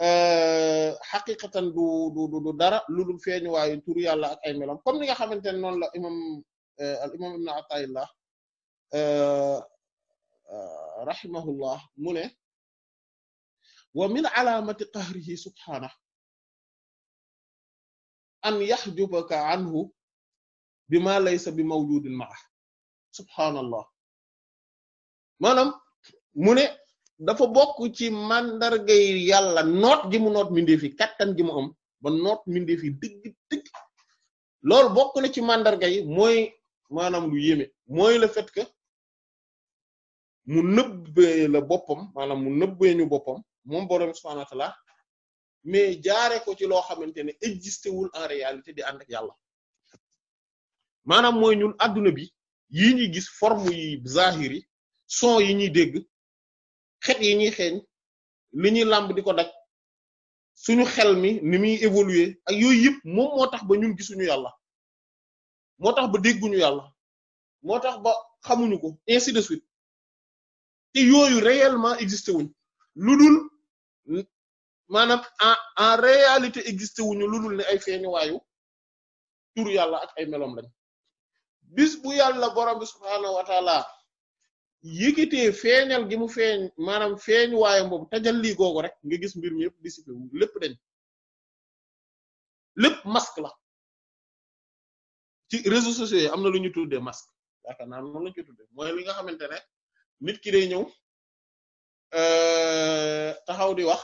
euh, xaqiqatan du du du dara lu dul feeñu waayu turu yàlla ak ay melam comme ni nga xamante ne noonu la imam al imam ibn Ata'illah rahimahullah mu ne wa min alaamati qahrihi subhaanahu an yahjubaka anhu bi ma laysa bi mawjudin ma'a subhaanallah maanaam mu ne dafa bokk ci mandargay yàlla noot gi mu noot mbindeef kattan gi mu am ba noot mbindeef yi dëgg dëgg bokk na ci mandarga yi mooy maanaam lu yéeme mooy le fait mu nëbbee la boppam maanaam mu nëbbee ñu boppam moom boroom subhaanahu wa mais jaare ko ci loo xamante ne existé wul en réalité di ànd ak yàlla maanaam mooy ñun adduna bi yii ñuy gis forme yi zahiri son yi ñuy dégg xet yi ñuy xeeñ li ñuy làmb di ko daj suñu xel mi ni muy évoluer ak yooyu yëpp moom moo tax ba ñun gisuñu yàlla moo tax ba dégguñu yàlla moo tax ba xamuñu ko ainsi de suite te yooyu réellement existé wuñ lu dul maanaam en en réalité existé wuñu lu dul ne ay feeñuwaayu tur yàlla ak ay melom lañ bis bu yàlla borom bi subhaanahu wa taala yëkkitee feeñal gi mu feeñ maanaam feeñuwaayam boobu tajal lii rek nga gis mbir mi yëpp dissipé wu lépp dañ lépp la ci réseaux sociaux yi am na lu ñu tuddee masque yaakaar naa noonu la ñu tuddee li nga xamante ne nit ki day ñëw euh, taxaw di wax.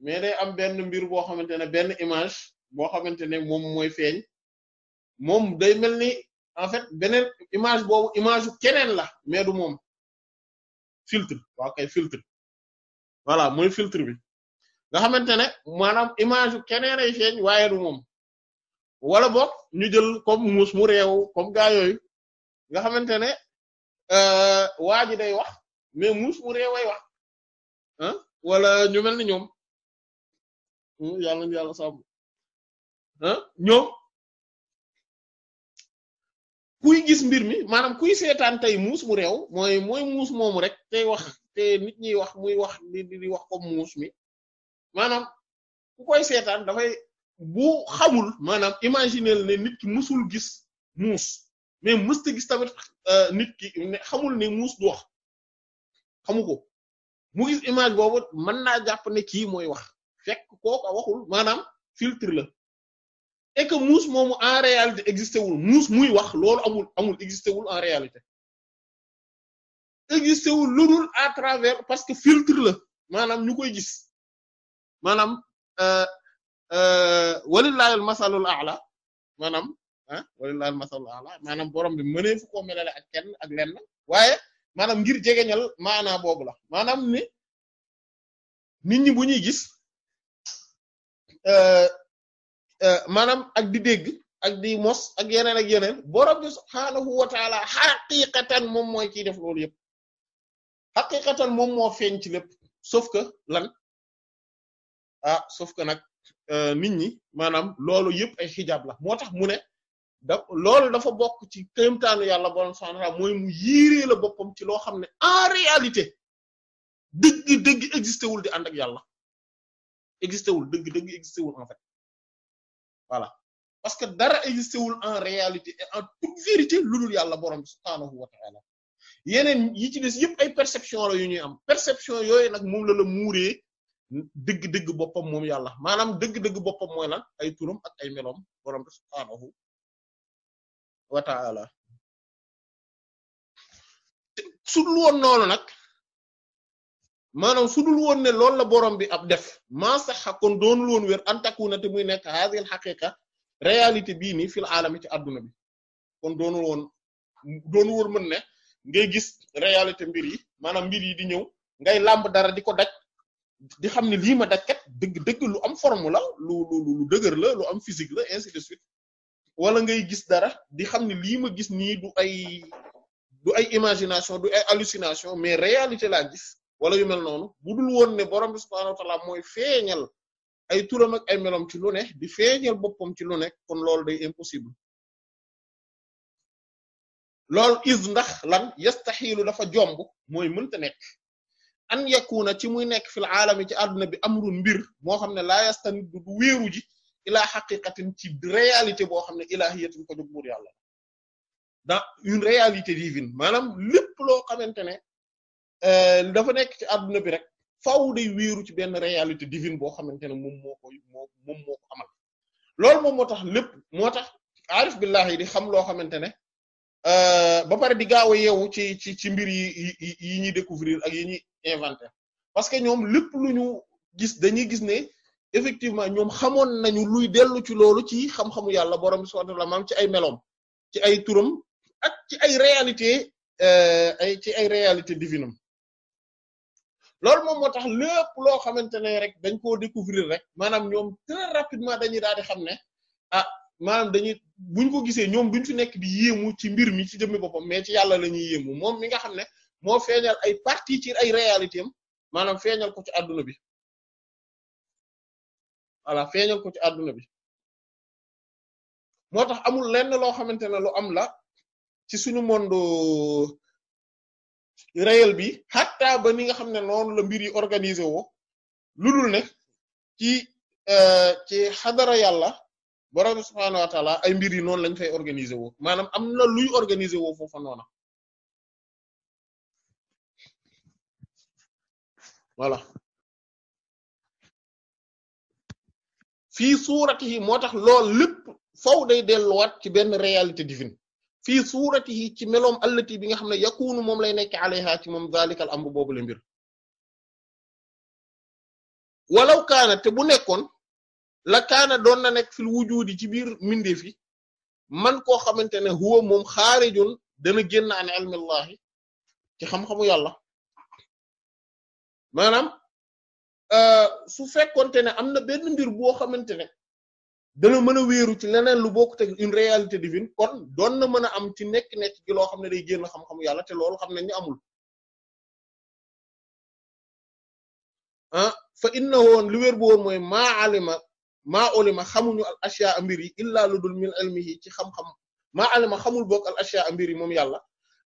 mais day am benn mbir boo xamante ne benn image boo xamante ne moom mooy feeñ moom day mel ni en fait beneen image boobu image keneen la mais du filtre waaw kay filtre voilà mooy filtre bi nga xamante ne maanaam image keneen ay feeñ waaye du moom wala boog ñu jël comme muus mu réew comme gaa yooyu nga xamante ne euh, waa ji day wax mais muus mu réew wax ah wala ñu mel ni ñoom. Hmm, yàlla na yàlla sàmm ah kuy gis mbir mi maanaam kuy seetaan tey muus mu réew mooy mooy muus moomu rek tey wax te nit ñi wax muy wax di di wax comme muus mi maanaam ku koy seetaan dafay bu xamul maanaam imaginer ne nit ki mësul gis muus mais mësta gis tamit euh, nit ki xamul ne muus du wax xamu ko mu gis image boobu mën naa jàpp ne kii mooy wax. fekk kooku waxul maanaam filtre la et que muus moomu en réalité existé wul muy wax loolu amul amul existé wul en réalité existé wul lu à travers parce que filtre la maanaam ñu koy gis maanaam euh, euh, walillahi al-masalul a'la maanaam ah walillahi al-masalul a'la maanaam borom bi mënee fu ko melale ak kenn ak lenn waaye maanaam ngir jegeñal maanaa boobu la maanaam ni nit ñi Euh, euh, maanaam ak di dégg ak di mos ak yeneen ak yeneen borom bi subhaanahu wa taala xaqiqatan moom mooy ciy def loolu yëpp xaqiqatan moom moo feeñ ci lépp sauf que lan a ah, sauf que nag euh, nit ñi maanaam loolu yëpp ay xijaab la moo tax mu ne da loolu dafa bokk ci kéemtaanu yàlla borom subhaanahu wa taala mooy mu yiiree la boppam ci loo xam ne en réalité dëgg dëgg existé wul di ànd ak yàlla. existé wul dëgg dëgg existé wul en fait voilà parce que dara existé wul en réalité et en toute vérité lu dul yàlla borom subhaanahu wa ta'ala yeneen yi ci des yëpp ay perception la yu ñuy am perception yooyu nag moom la la muuree dëgg-dëgg boppam moom yàlla maanaam dëgg-dëgg boppam mooy lan ay turam ak ay meloom borom subhaanahu wa ta'ala su dul woon nag. maanaam su dul woon ne loolu la borom bi ab def maa sax kon doonul woon wér na te muy nekk haazil haqiqa réalité bii nii fil alami ci adduna bi kon doonul woon doonul woon mën ne ngay gis réalité mbir yi maanaam yi di ñëw ngay làmb dara di ko daj di xam ne lii ma daj kat lu am forme la lu lu lu dëgër la lu am physique la ainsi de suite wala ngay gis dara di xam ne lii ma gis nii du ay ay imagination du ay hallucination mais réalité laa gis. wala yu noonu bu dul woon ne borom bi subhaanahu wa mooy feeñal ay turam ak ay meloom ci lu ne bi feeñal boppam ci lu nekk kon loolu day impossible loolu is ndax lan yastaxiilu dafa jomb mooy mënta nekk an yakuna ci muy nekk fil aalami ci àdduna bi amrun mbir moo xam ne laa yastanid du wéeru ji ilaa xaqiqatin ci réalité boo xam ne ilahiyatin ko jóg buur yàlla dans une réalité divine maanaam lépp loo xamante ne Euh, dafa nekk ci adduna bi rek faaw day wéeru ci benn réalité divine boo xamante ne moom moo koy moo moom moo ko amal loolu moom moo tax lépp moo tax aarif billahi di xam loo xamante ne euh, ba pare di gaaw a yeewu ci ci ci mbir yi yi ñuy découvrir ak yi ñuy inventé parce que ñoom lépp lu ñu gis dañuy gis ne effectivement ñoom xamoon nañu luy dellu ci loolu ci xam-xamu yàlla borom subhanahu wa ta'ala ci ay melom ci ay turam ak ci ay réalité euh, ay ci ay réalité divinam loolu moom moo tax lépp loo xamante ne rek dañ koo découvrir rek maanaam ñoom très rapidement dañuy daal di xam ne ah maanaam dañuy buñ ko gisee ñoom duñ fi nekk di yéemu ci mbir mi ci jëmmi boppa mais ci yàlla la ñuy yéemu moom mi nga xam ne moo feeñal ay partie ci ay réalité am maanaam feeñal ko ci adduna bi voilà feeñal ko ci adduna bi moo tax amul lenn loo xamante ne lu am la ci suñu monde réel bi xatta ba ni nga xam ne noonu la mbir yi organisé woo lu dul ne ci euh, ci xadara yàlla borom subhaanahu wa taala ay mbir yi noonu lañ fay organisé woo maanaam am na luy organisé woo foofa noona voilà fii suuratihi moo tax lool lépp faw day delluwaat ci benn réalité divine fii suuratihi ci meloom allati bi nga xam ne yakunu moom lay nekk alayha ci moom zalika al amru boobu la mbir walaw kaana te bu nekkoon la kaana doon na nekk fil wujudi ci biir mindeef yi man koo xamante ne huwa moom xaarijun dana génn an ilmillahi ci xam-xamu yàlla maanaam euh, su fekkonte ne am na benn mbir boo xamante ne dana mën a wéeru ci leneen lu bokkut ak une réalité divine kon doon na mën a am ci nekk-nekk ci loo xam ne day génn xam-xamu yàlla te lol xam nañ ni amul ah fa inna woon lu wér bu woon mooy maa alima ma olima xamuñu al ashyaa mbir yi lu dul min ci xam-xam maa alima bokk al ashyaa mbir yi moom yàlla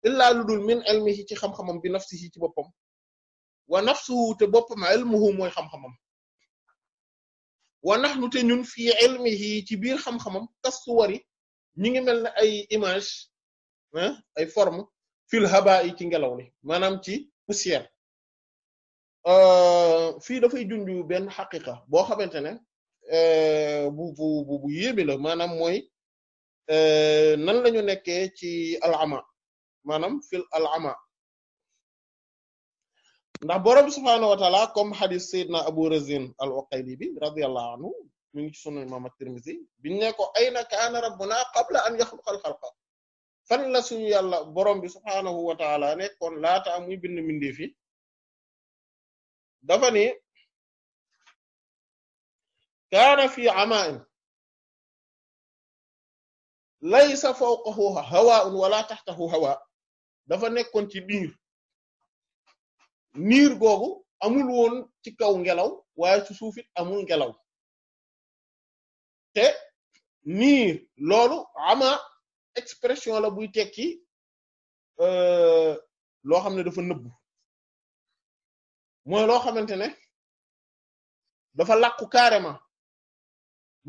illaa lu dul min ilmihi ci xam-xamam bi nafsihi ci boppam wa nafsuhu te boppam ilmuhu mooy xam-xamam wa nahnu te ñun fii ilmihi ci biir xam-xamam tas suwari ñi ngi mel ne ay image ah ay forme fil haba'i ci ngelaw li maanaam ci poussière euh, fii dafay junju benn xaqiqa boo xamante ne euh, bu bu bu yéeme la maanaam mooy euh, nan lañu nekkee ci al'ama maanaam fil al'ama ndax borom subhaanahu wa taala comme hadith Seydina Abu Razin al-Uqayli bi radiyallahu anhu mi ngi ci sunu imam at-Tirmidhi biñ ne ko ayna kaana rabbuna qabla an yaxluqa al-xalqa fan la suñu yàlla borom bi subhaanahu wa taala nekkoon laata muy bind mbindeef yi dafa ni kaana fi amaa'in laysa fawqahu hawaa'un wala taxtahu hawaa' dafa nekkoon ci biir niir googu amul woon ci kaw ngelaw waaye ci suuf it amul ngelaw te niir loolu ama expression la buy tekki euh, loo xam ne dafa nëbbu mooy loo xamante ne dafa làqu carrément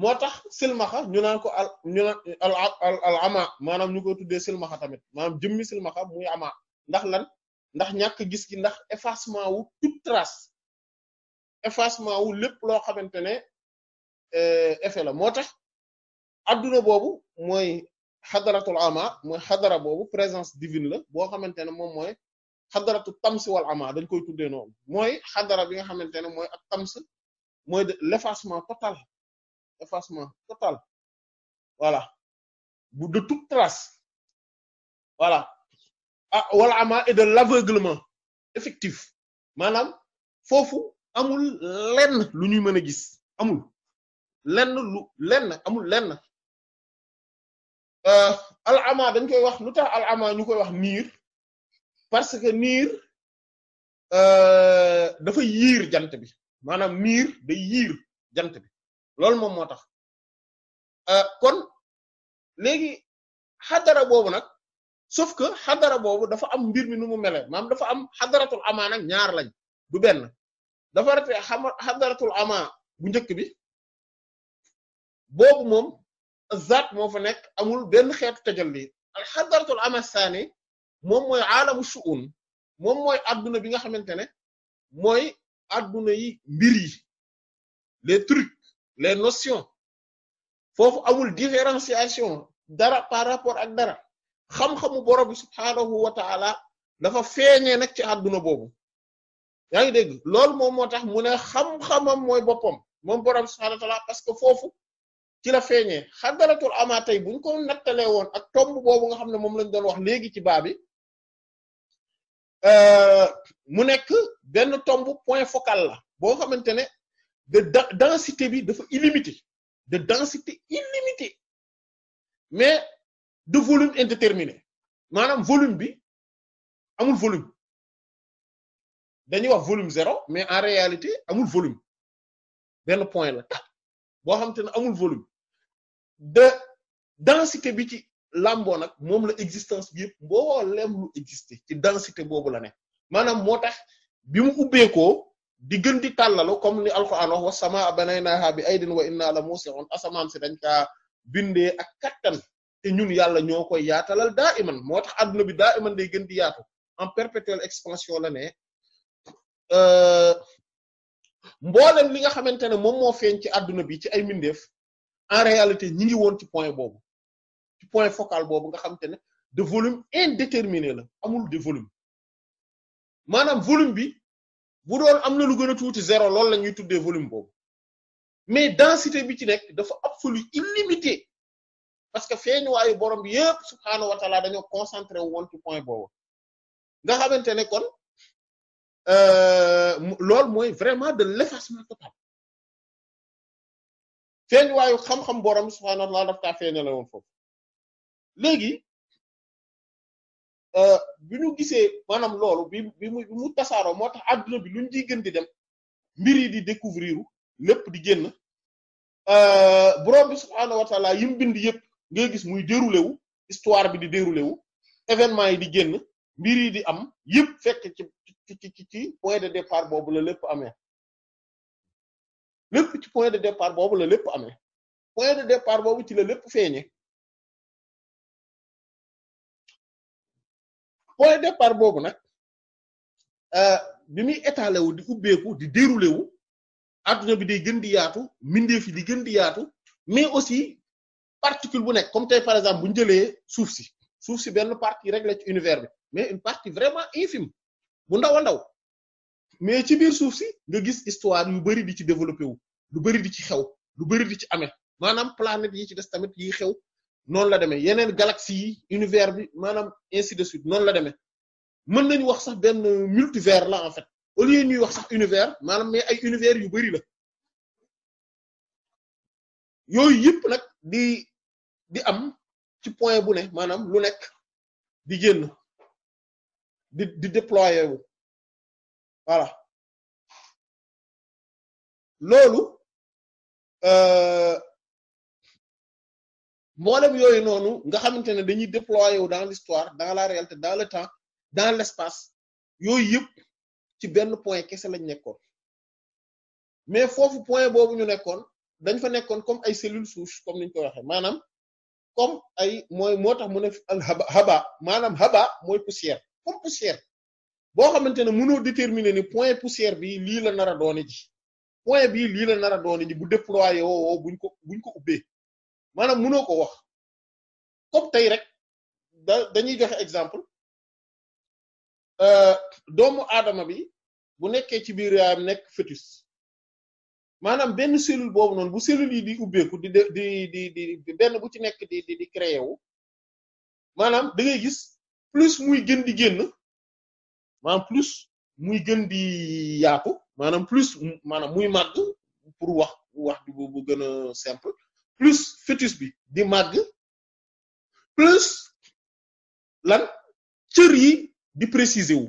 moo tax silmaxa ñu naan ko al ñu al al ama maanaam ñu koy tuddee silmaxa tamit maanaam jëmmi silmaxa muy ama ndax lan ndax ñàkk gis gi ndax effacement wu toute trace effacement wu lépp loo xamante ne euh, effet la moo tax adduna boobu mooy xadaratul ama mooy xadara boobu présence divine la boo xamante ne moom mooy xadaratu tams wal ama dañ koy tuddee noonu mooy xadara bi nga xamante ne mooy ak tams mooy l'effacement total effacement total voilà bu de trace voilà a ah, wala ama et de l'aveuglement effectif maanaam foofu amul lenn lu ñuy mën a gis amul lenn lu lenn amul lenn euh, al ama dañ koy wax lu tax al ama ñu koy wax niir parce que niir euh, dafa yiir jant bi maanaam niir day yiir jant bi loolu moom moo tax euh, kon léegi xadara boobu nag sauf que xadara boobu dafa am mbir mi nu mu mele maam dafa am xadaratul amaa nag ñaar lañ du benn dafa rete xadaratul amaa bu njëkk bi boobu moom zaat moo fa nekk amul benn xeetu tajalli al xadaratul amaa saani moom mooy aalamu shu'un moom mooy adduna bi nga xamante ne mooy adduna yi mbir yi le trucs les notions foofu amul différenciation dara par rapport ak dara xam-xamu borom bi subhaanahu dafa feeñee nag ci àdduna boobu yaa ngi dégg loolu moom moo tax mu ne xam-xamam mooy boppam moom borom bi subhaanahu wa parce que foofu ci la feeñee xadaratul ama tey buñ ko nattalee woon ak tomb boobu nga xam ne moom lañ doon wax léegi ci baabi bi euh, mu nekk benn tomb point focal la boo xamante ne de densité bi dafa illimité de densité illimitée mais de volume indéterminé maanaam volume bi amul volume dañuy wax volume zéro mais en réalité amul volume benn point la tap boo xam te ne amul volume de densité bi ci lamboo nag moom la existence bi yëpp mboolem lu exister ci densité boobu la ne maanaam moo tax bi mu ubbeekoo di gën di tàllalu comme ni alquran wax wa samaa banaynaha bi ay aydin wa inna la a samaan si dañ kaa bindee ak kattan te ñun yàlla ñoo koy yaatalal daa iman moo tax aduna bi daa iman day gën di yaatu en perpétuelle expansion la ne euh, mboolem li nga xamante ne moom moo feeñ ci adduna bi ci ay mbindeef en réalité ñi ngi woon ci point boobu ci point focal boobu nga xamante ne de volume indéterminé la amul de volume maanaam volume bi bu doon am na lu gën tuuti zéro loolu la ñuy tuddee volume boobu mais densité bi ci nekk dafa absolu illimité parce que feeñuwaayu borom bi yëpp subhaanahu wa taala dañoo concentré wu point boobu nga xamante ne kon euh, loolu mooy vraiment de l'effacement total feeñuwaayu xam-xam borom bi subhaanahu wa taala daf kaa feeñale woon foofu léegi euh, bi ñu gisee maanaam loolu bi tasaaroo moo tax adduna bi luñ ciy gën di dem mbir yi di découvrir lépp di génn euh, borom bi subhaanahu yim bind yëpp. ngay gis muy déroulé wu histoire bi di déroulé wu événement yi di génn mbir yi di am yëpp fekk ci ci ci ci point de départ boobu la lépp amee lépp ci point de départ boobu la lépp amee point de départ boobu ci la lépp feeñee point de départ boobu nag euh, bi muy étalé wu di ubbeeku di déroulé wu bi day gën di yaatu mbindeef yi di gën di yaatu mais aussi particule bu nekk comme tey par exemple bu ñu jëlee suuf si suuf si benn partie rek la ci univers bi mais une partie vraiment infime bu ndaw a ndaw mais ci biir suuf si nga gis histoire yu bari di ci développé wu lu bari di ci xew lu bari di ci amee maanaam planète yi ci des tamit yi xew noonu la demee yeneen galaxie yi univers bi maanaam ainsi de suite noonu la demee mën nañu wax sax benn multivers la en fait au ñuy wax sax univers maanaam mais ay univers yu bari la yooyu di am ci point bu ne maanaam lu nekk di génn di di déployer wu voilà loolu euh, mboolem yooyu noonu nga xamante ne dañuy déployer wu dans l'histoire dans la réalité dans le temps dans l'espace yooyu yëpp ci benn point kese lañ nekkoon mais foofu point boobu ñu nekkoon dañ fa nekkoon comme ay cellules souches comme niñ ko waxee maanaam comme ay mooy moo tax mu ne al haba haba maanaam haba mooy poussière pour poussière boo xamante ne mënoo déterminer ni point poussière bi lii la nar a doone ji bii la nar a ji bu déployé woo buñ ko buñ ko ubbee maanaam mënoo ko wax comme tey rek da dañuy joxe exemple euh, doomu aadama bi bu nekkee ci biir yaayam nekk fœtus maanaam benn cellule boobu noonu bu cellule yi di ubbeeku di di di benn bu ci nekk di di di créé wu maanaam da ngay gis plus muy gën di génn maanaam plus muy gën di yaatu maanaam plus maanaam muy màgg pour wax wax bu bu gën a simple plus fœtus bi di màgg plus lan cër yi di préciser wu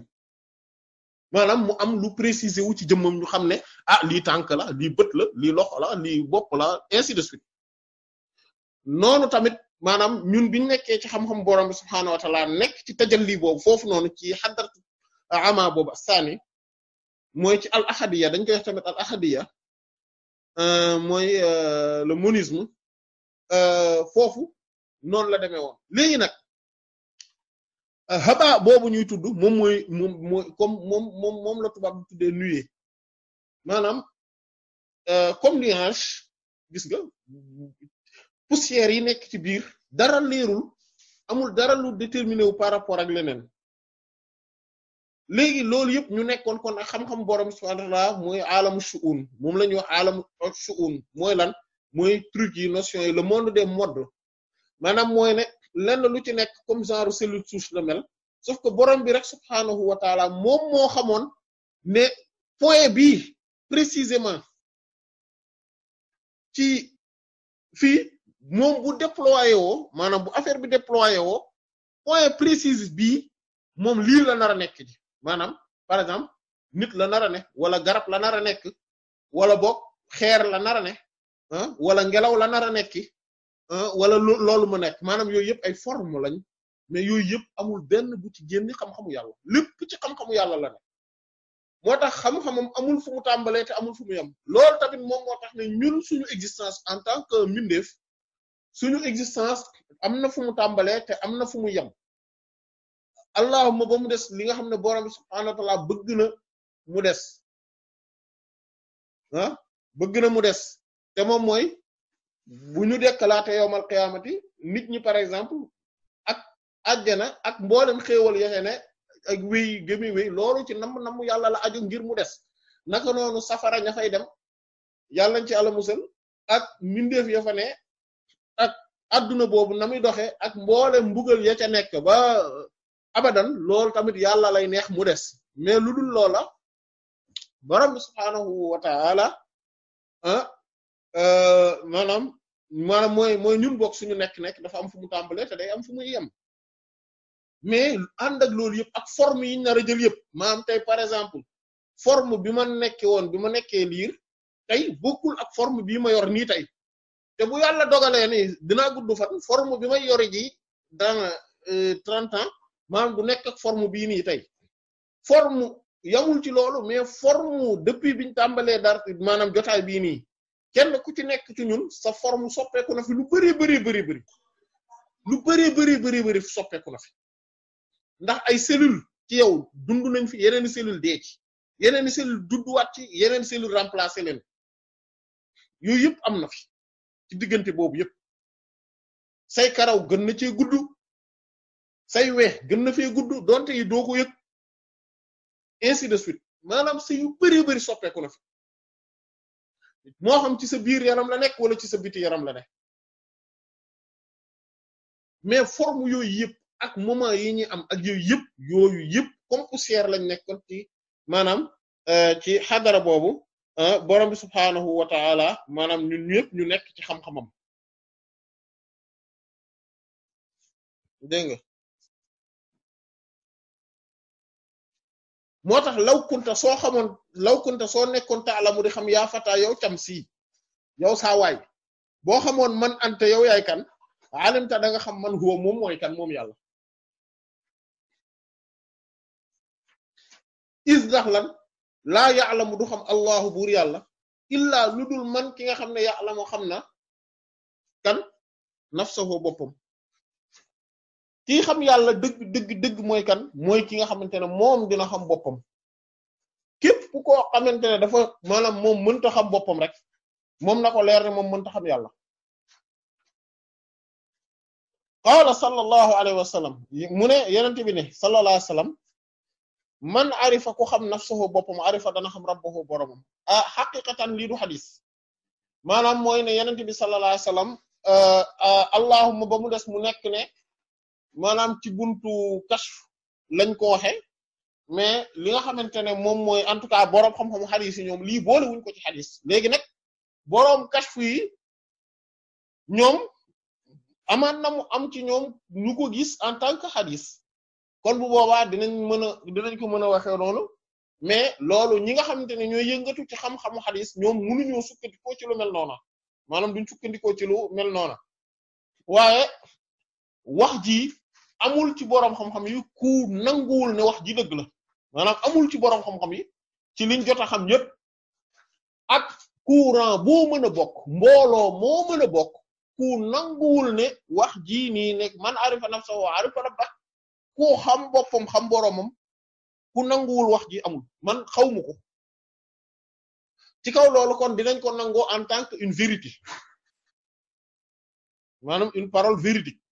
maanaam mu am lu préciser wu ci jëmmam ñu xam ne ah lii tànk la lii bët la lii loxo la lii bopp la ainsi de suite noonu tamit maanaam ñun biñ nekkee ci xam-xam borom bi subhaanahu wa ta'ala nekk ci tajalli boobu foofu noonu ci xadar ama boobu saani mooy ci al ahadiya dañ koy wax tamit al ahadiya euh, mooy euh, le monisme euh, foofu noonu la demee woon léegi nag xabaa euh, boobu ñuy tudd moom mooy moom moom moom la tubaab di tuddee nuée maanaam euh, comme nuage gis nga poussière yi nekk ci biir dara leerul amul dara lu déterminé wu par rapport ak leneen léegi loolu yëpp ñu nekkoon kon ak xam-xam borom subhaanahu wa ta'aala mooy alamu shu'un moom la ñuy wax alamu shu'un mooy lan mooy truc yi notion yi le monde des modes maanaam mooy ne lenn lu ci nekk comme genre cellule souche la mel sauf que borom bi rek subhaanahu wa taala moom moo xamoon ne point bii précisément ci fii moom bu déployé woo maanaam bu affaire bi déployé woo point précis bi moom lii la nar a nekk ji maanaam par exemple nit la nar a ne wala garab la nar a nekk wala boog xeer la nar a ne ah wala ngelaw la nar a nekki Euh, wala loolu ma nekk maanaam yooyu yëpp ay forme lañ mais yooyu yëpp amul benn bu ci génn xam-xamu yàlla lépp ci xam-xamu yàlla la ne moo tax xam amul fu mu tàmbalee te amul fu mu yem loolu tamit moom moo tax ne ñun suñu existence en tant que mbindeef suñu existence am na fu mu tàmbalee te am na fu mu yem allahuma ba mu des li nga xam ne borom subhaanahu wa bëgg na mu des ah bëgg na mu des te moom mooy bu ñu dekkalaate yowmal qiyaamati nit ñi par exemple ak àjjana ak mboolem xéewal yexe ak wéy gëmi wéy loolu ci nam namm yàlla la ajo ngir mu des naka noonu safara ña fay dem yàlla nañ ci àlla musal ak mindeef ya fa ak adduna boobu na muy doxe ak mboolem mbugal ya ca nekk ba abadan loolu tamit yàlla lay neex mu des mais lu dul loola borom subhaanahu wa ah, Euh, maanaam maanaam mooy mooy ñun bokk ñu nekk-nekk dafa am fu mu tàmbalee te day am fu muy yem mais ànd ak loolu yëpp ak forme yi ñu nar a jël yëpp maanaam tey par exemple forme bi ma nekkee woon bi ma nekkee liir tey bokkul ak forme bii ma yor nii tey te bu yàlla dogalee ni dinaa gudd fan forme bi may yore ji dans euh, trente ans maanaam du nekk ak forme bii nii tey forme yamul ci loolu mais forme depuis biñ tàmbalee dar maanaam jotaay bii nii kenn ku ci nekk ci ñun sa forme soppeeku na fi lu bëree bëri bëri bëri lu bëree bëri bëri bëri soppeeku na fi ndax ay cellule ci yow dund nañ fi yeneen cellule dee ci yeneen cellule dunduwaat ci yeneen cellule remplacer leen yooyu yëpp am na fi ci diggante boobu yëpp say karaw gën na gudd say weex gën na fee gudd donte yi doo ko yëg ainsi de suite maanaam sa yu bëree bëri soppeeku na fi moo xam ci sa biir yaram la nekk wala ci sa biti yaram la nekk mais forme yooyu yëpp ak moment yi ñuy am ak yooyu yëpp yooyu yëpp comme poussière lañ nekkoon ci maanaam euh, ci xadara boobu euh, borom bi subhaanahu wa ta'ala maanaam ñun ñëpp ñu nekk ci xam-xamam dégg moo tax law kunta soo xamoon law kunta soo nekkoon taalamu di xam yaa fata yow cam si yow saa waay boo xamoon man ante yow yaay kan alimta da nga xam man huwa moom mooy kan moom yàlla is ndax lan laa ya'lamu du xam allahu buur yàlla illaa lu dul man ki nga xam ne ya'lamu xam na kan nafsahu boppam kii xam yàlla dëgg dëgg dëgg mooy kan mooy ki nga xamante ne moom dina xam boppam képp ku ko xamante ne dafa maanaam moom mënta xam boppam rek moom na ko leer ne moom mënta xam yàlla qaala sallallahu alayhi wa sallam mu ne yenente bi man arifa ku xam nafsuhu boppam arifa dana xam rabbuhu boromam ah xaqiqatan lii du xadis maanaam mooy ne yenente bi sallallahu alayhi euh, euh, ba mu des mu nekk maanaam ci buntu kashf lañ ko waxee mais li nga xamante ne moom mooy en tout cas boroom xam-xamu xadis yi ñoom lii boole wuñ ko ci xadis léegi nag boroom kashf yi ñoom amaan na mu am ci ñoom ñu ko gis en tant que xadis kon bu boobaa dinañ mën a dinañ ko mën a waxee noonu mais loolu ñi nga xamante ne ñooy yëngatu ci xam-xamu xadis ñoom mënuñoo sukkandikoo ci lu mel noona maanaam duñ sukkandikoo ci lu mel noona waaye wax amul ci boroom xam-xam yi ku nanguwul ne wax ji dëgg la amul ci boroom xam-xam yi ci liñ jot a xam yépp ak courant boo mën a bokk mbooloo moo mën a bokk ku nanguwul ne wax ji nii nekk man arifa nafsahu arifa rabbah ku xam boppam xam boroomam ku nanguwul wax ji amul man xaw ko ci kaw loolu kon dinañ ko nangoo en tant que une vérité maanaam une parole véridique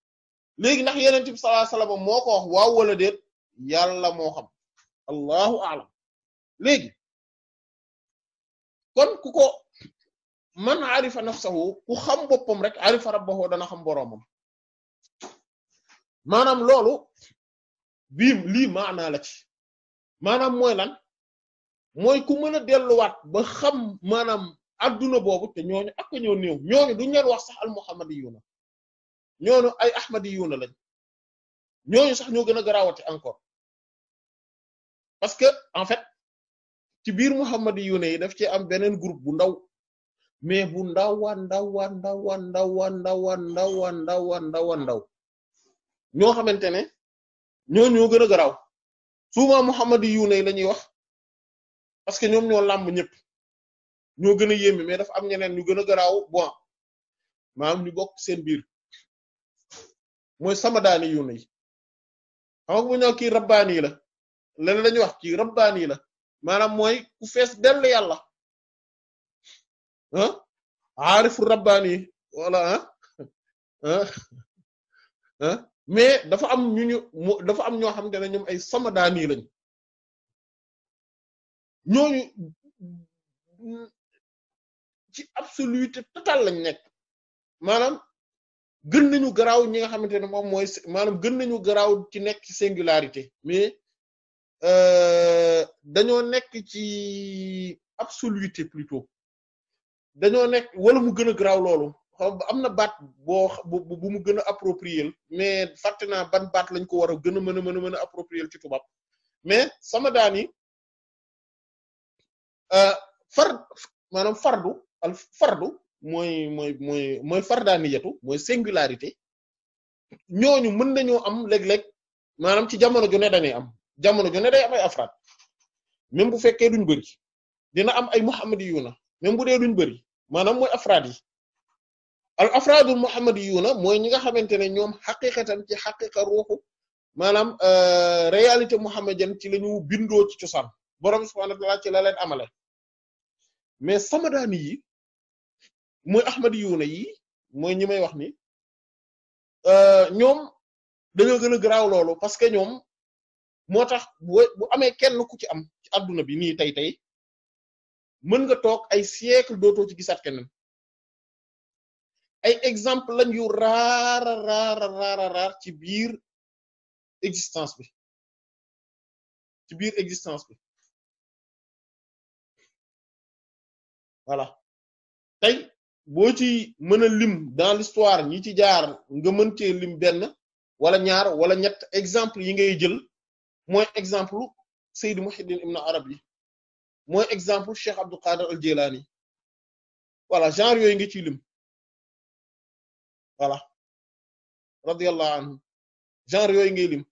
léegi ndax yonent bi sallallahu moo ko wax waaw wala déet yàlla moo xam allahu a'lam léegi kon ku ko man arifa nafsahu ku xam boppam rek arifa rabbahu dana xam boroomam maanaam loolu bii lii maanaa la ci maanaam mooy lan mooy ku mën a delluwaat ba xam maanaam adduna boobu te ñooñu ak ñoo néew ñooñu duñ leen wax sax al muhammadiyuna ñooñu ay ahmadiyuuna lañ ñooñu sax ñoo gën a garawati encore parce que en fait ci biir muhammadiyuuna yi daf ci am beneen group bu ndaw mais bu ndawaan ndawaan ndawaan ndawaan ndawaan ndawaan ndawaan ndawaan ndaw ñoo xamante ne ñoo ñoo gën a garaw garaaw souvent muhammadiyuuna yi la ñuy wax parce que ñoom ñoo làmb ñëpp ñoo gën a yéeme mais dafa am ñeneen ñu gën a garaaw bon maanaam ñu bokk seen biir mooy samadaani yu ne xam nga bu ñëw kii la leneen lañuy wax kii rabbaani la maanaam mooy ku fees dell yàlla ah aarifu rabbaani wala ah ah mais dafa am ñu ñu dafa am ñoo xamante ne ñoom ay samadaani lañ ñooñu ci absoluité totale lañ nekk maanaam. gën nañu garaaw ñi nga xamante ne moom mooy maanaam gën nañu garaaw ci nekk ci singularité mais euh, dañoo nekk ci absoluité plutôt dañoo nekk wala mu gën a garaaw loolu am na baat boo mu gën a approprier mais fàtte naa ban baat lañ ko war a gën a mën a mën a mën a approprier ci tubaab mais sama daan yi euh, fard maanaam fardu fardu mooy mooy mooy mooy fardaaniyatu mooy singularité ñooñu mën nañoo am léeg-léeg maanaam ci jamono ju ne dañuy am jamono ju ne day am ay afraad même bu fekkee duñ bëri dina am ay muhammadiyuna même bu dee duñ bëri maanaam mooy afraad yi al afraadul muhammadiyuna mooy ñi nga xamante ne ñoom xaqiqatan ci xaqiqa ruuxu maanaam euh, réalité muhammadienne ci la ñu bindoo ci cosaan borom subhaanahu wa ci la leen amale mais samadaani mooy ahmadiyuuna yi mooy ñi may wax ni euh, ñoom dañoo gën a garaaw loolu parce que ñoom moo tax bu amee kenn ku ci am ci adduna bi nii tey tey mën nga toog ay siècle dootoo ci gisaat keneen ay exemple lañ yu raara ci biir existence bi ci biir existence bi voilà tey boo ci mën lim dans l'histoire ñi ci jaar nga mën lim benn wala ñaar wala ñett exemple yi ngay jël mooy exemple Sayyid Muhiddin Ibn Arabi mooy exemple Cheikh Abdul Qadir al-Jilani genre yooyu nga lim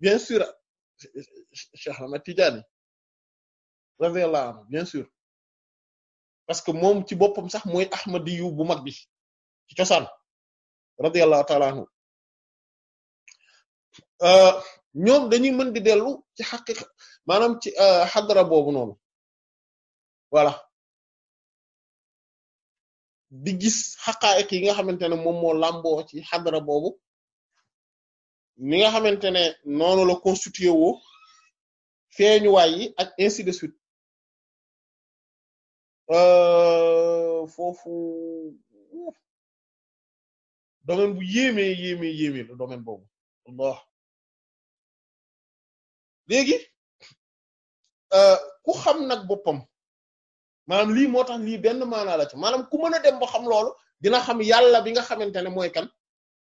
bien sûr Cheikh Ahmad Tidjani radiyallahu anhu bien sûr parce que moom ci boppam sax mooy ahmadiyu bu mag bi ci cosaan radiyallahu ta'ala anhu euh, ñoom dañuy mën di dellu ci xaqiqa maanaam ci euh, xadara boobu noonu voilà di gis xaqaa'iq yi nga xamante ne moom moo làmboo ci xadara boobu ni nga xamante ne noonu la constitué woo ak ainsi de suite Euh, foofu domaine bu yéemee yéemee yéemee la domaine boobu Allah léegi euh, ku xam nag boppam maanaam lii moo tax lii benn maanaa la ci maanaam ku mën a dem ba xam loolu dina xam yàlla bi nga xamante ne mooy kan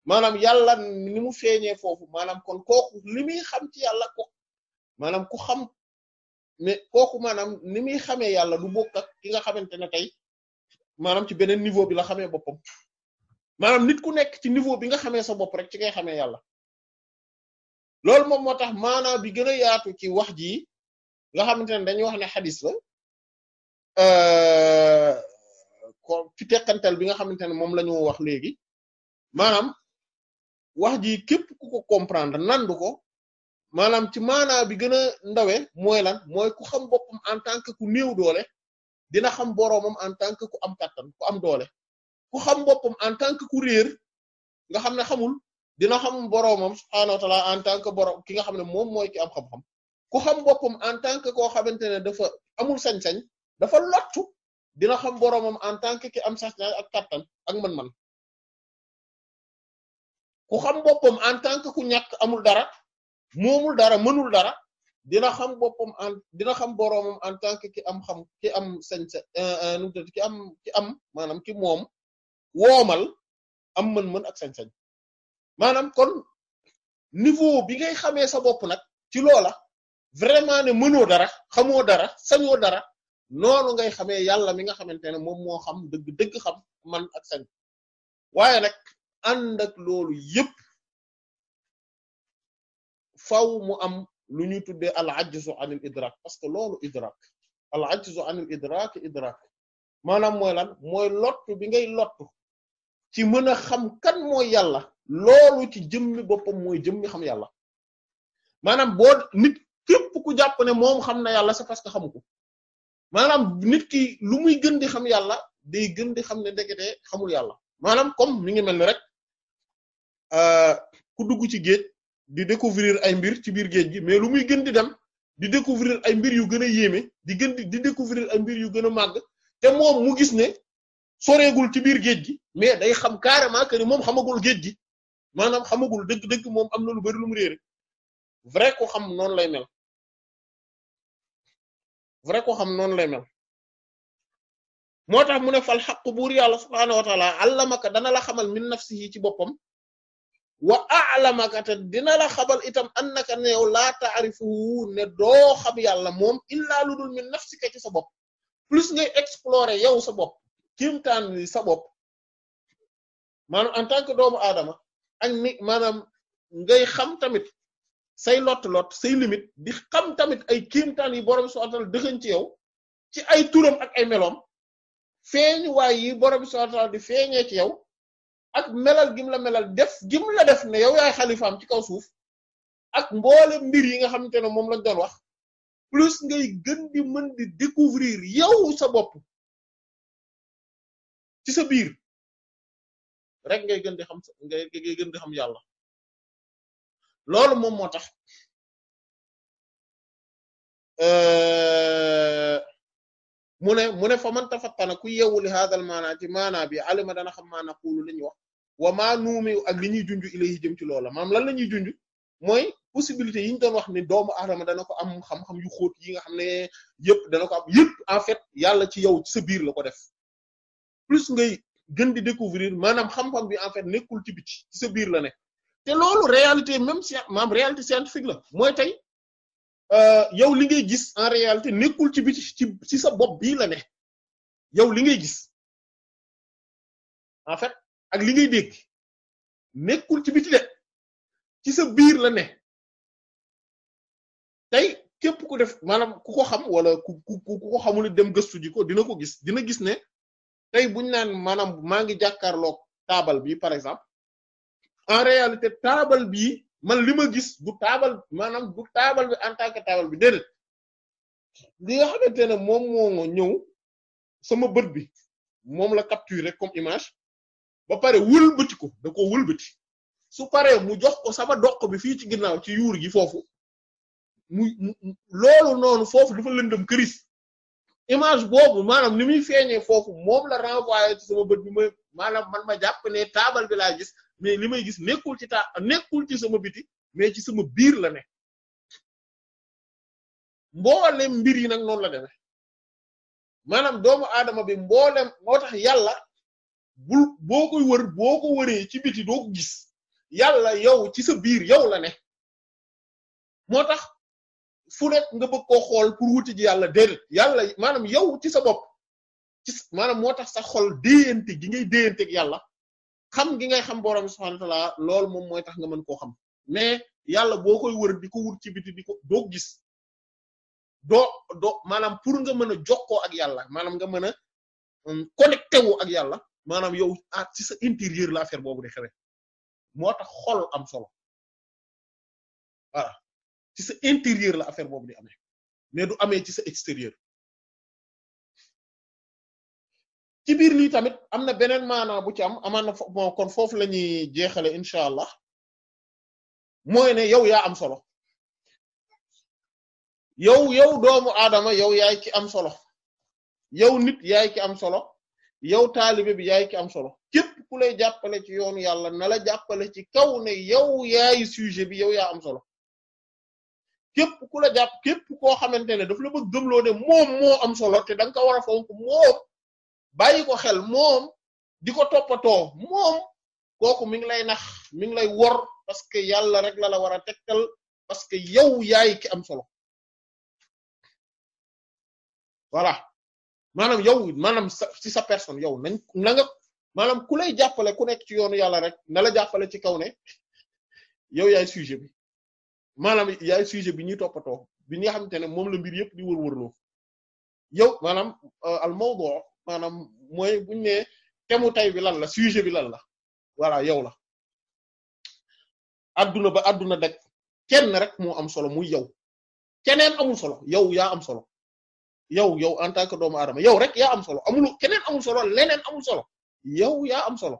maanaam yàlla ni mu feeñee foofu maanaam kon kooku li xam ci yàlla ko maanaam ku xam mais kooku maanaam ni muy xamee yàlla du bokk ak ki nga xamante ne tey maanaam ci beneen niveau bi la xamee boppam maanaam nit ku nekk ci niveau bi nga xamee sa bopp rek ci ngay xame yàlla loolu moom moo tax maanaam bi gën a yaatu ci wax ji nga xamante ne dañuy wax ne xadis la euh, ko ci teqantal bi nga xamante ne moom la ñu wax léegi maanaam wax ji képp ku ko comprendre nandu ko maanaam ci maanaa bi gën a ndawe mooy lan mooy ku xam boppam en tant que ku néew doole dina xam boroomam en tant que ku am kattan ku am doole ku xam boppam en tant que ku réer nga xam ne xamul dina xam boroomam subhaanahu wa ta'ala en tant que boroom ki nga xam ne moom mooy ki am xam-xam ku xam boppam en tant que xamante ne dafa amul sañ dafa lottu dina xam boroomam en tant que am sañ ak kattan ak mën-mën ku xam boppam en tant ku ñàkk amul dara moomul dara mënul dara dina xam boppam en dina xam boroomam en tant que ki am xam ki am sañ-sa euh, euh, nu ki am ki am maanaam ki moom woomal am man mën ak sañ-sañ maanaam kon niveau bi ngay xamee sa bopp nag ci loola vraiment ne mënoo dara xamoo dara sañoo dara noonu ngay xamee yàlla mi nga xamante ne moom moo xam dëgg dëgg xam man ak sañ waaye nag ànd ak loolu yépp faw mu am lu ñuy tuddee al ajzu anil idrak parce que loolu idrak al ajzu maanaam mooy lan mooy lottu bi ngay lottu ci mën a xam kan mooy yàlla loolu ci jëmmi boppam mooy jëmmi xam yàlla maanaam boo nit képp ku jàpp ne moom xam na yàlla c'est parce que xamu ko maanaam nit ki lu muy gën di xam yàlla day gën di xam ne ndekete xamul yàlla maanaam kom mi ngi mel ni rek euh, ku dugg ci géej di découvrir ay mbir ci biir géej gi mais lu muy gën di dem di découvrir ay mbir yu gën a yéeme di gën di di découvrir ay mbir yu gën a màgg te moom mu gis ne soreegul ci biir géej gi mais day xam carrément que ni moom xamagul géej gi maanaam xamagul dëgg-dëgg moom am na lu bari lu mu vrai ko xam noonu lay mel vrai ko xam noonu lay mel tax mu ne fal xaq buur yàlla subhaanahu wa taala dana la xamal min nafsihi ci boppam wa a'lamaka te dina la xabal itam annaka ne yow laa ta'rifu ne doo xam yàlla moom illaa lu dul min nafsika ci sa bopp plus ngay explorer yow sa bopp kéemtaan yi sa bopp maanaam en tant que doomu aadama ak ni maanaam ngay xam tamit say lot lot say limite di xam tamit ay kéemtaan yi borom subhanahu wa ta'ala ci yow ci ay turam ak ay meloom feeñ waay yi borom subhanahu wa di feeñee ci yow. ak melal gim la melal def gim la def ne yow yaay ci kaw suuf ak mboole mbir yi nga xamante ne moom lañ doon wax plus ngay gën di découvrir yow sa bopp ci sa biir rek ngay gën xam ngay ngay gën di xam yàlla moom moo tax. Euh, mu ne mu ne fa man tafattana ku yeewuli haadal maanaa ci maanaa bi alima dana xam maana kuulu li ñuy wax wa maa nuumi ak li ñuy junj ilayhi jëm ci loola maanaam lan la ñuy junj mooy possibilité yi ñu doon wax ni doomu aadama dana ko am xam-xam yu xóot yi nga xam ne yëpp dana ko am yëpp en fait yàlla ci yow ci sa biir la ko def plus ngay gën di découvrir maanaam xam-xam bi en fait nekkul ci biti sa biir la nekk te loolu réalité même si maanaam réalité scientifique la mooy tey Euh, yow li ngay gis en réalité nekkul ci biti ci sa bopp bii la ne yow li ngay gis en fait ak li ngay dégg nekkul ci biti de ci sa biir la ne tey képp ku def maanaam ku ko xam wala ku ku ku ko xamul dem gëstu ko dina ko gis dina gis ne tey buñ naan maanaam maa ngi jàkkaarloog taabal bi par exemple en réalité taabal bii man li ma gis du taabal maanaam du taabal bi en tant que taabal bi déedéet li nga xamante ne moom moo ñëw sama bët bi moom la capturer comme image ba pare wëlbati ko da ko su paree mu jox ko sama doq bi fii ci ginnaaw ci yuur gi foofu mu loolu noonu foofu dafa lëndëm këris image boobu maanaam ni muy feeñee foofu moom la renvoyer sama bët bi ma maanaam man ma jàpp ne taabal bi laa gis mais li may gis nekkul ci taa nekkul ci sama biti mais ci sama biir la ne mboolem mbir yi nag noonu la demee maanaam doomu aadama bi mboolem moo tax yàlla bul boo koy wër boo ko wëree ci biti doo ko gis yàlla yow ci sa biir yow la ne moo tax fu nekk nga bëgg koo xool pour wuti ji yàlla déedéet yàlla maanaam yow ci sa bopp ci maanaam moo tax sa xol déyante gi ngay déyanteeg yàlla xam gi ngay xam borom subhaanahu wa ta'ala loolu moom mooy tax nga mën koo xam mais yàlla boo koy wër di ko wut ci biti di ko doo gis doo do maanaam pour nga mën a jokkoo ak yàlla maanaam nga mën a um, connecté wu ak yàlla maanaam yow ah ci sa intérieur la affaire boobu di xewe moo tax xol am solo voilà ci sa intérieur la affaire boobu di amee mais du amee ci sa extérieur ci biir lii tamit am na beneen maana bu ci am amaan na bon kon foofu la ñuy jeexale incha allah mooy ne yow yaa am solo yow yow doomu aadama yow yaay ki am solo yow nit yaay ki am solo yow taalibe bi yaay ki am solo képp ku jàppale ci yoonu yàlla na la jàppale ci kaw ne yow yaay sujet bi yow yaa am solo képp ku la jàpp képp koo xamante ne daf la ba gëmloo ne moom moo am solo te da nga ko war a fonk moom bàyyi ko xel moom di ko toppatoo moom kooku mi ngi lay nax mi ngi lay wor parce que yàlla rek la la war a tegtal parce que yow yaay ki am solo voilà maanaam yow maanaam sa ci sa personne yow nañ na nga maanaam ku lay jàppale ku nekk ci yoonu yàlla rek na la jàppale ci kaw ne (laughs) yow yaay sujet bi maanaam yaay sujet bi ñuy toppatoo bi nga xamante ne moom la mbir yëpp di wër-wër loo yow maanaam euh, al maanaam mooy buñ ne temu tay bi lan la sujet bi la voilà yow la adduna ba adduna daj kenn rek moo am solo muy yow keneen amul solo yow yaa am solo yow yow en tant que doomu aadama yow rek yaa am solo amul keneen amul solo leneen amul solo yow yaa am solo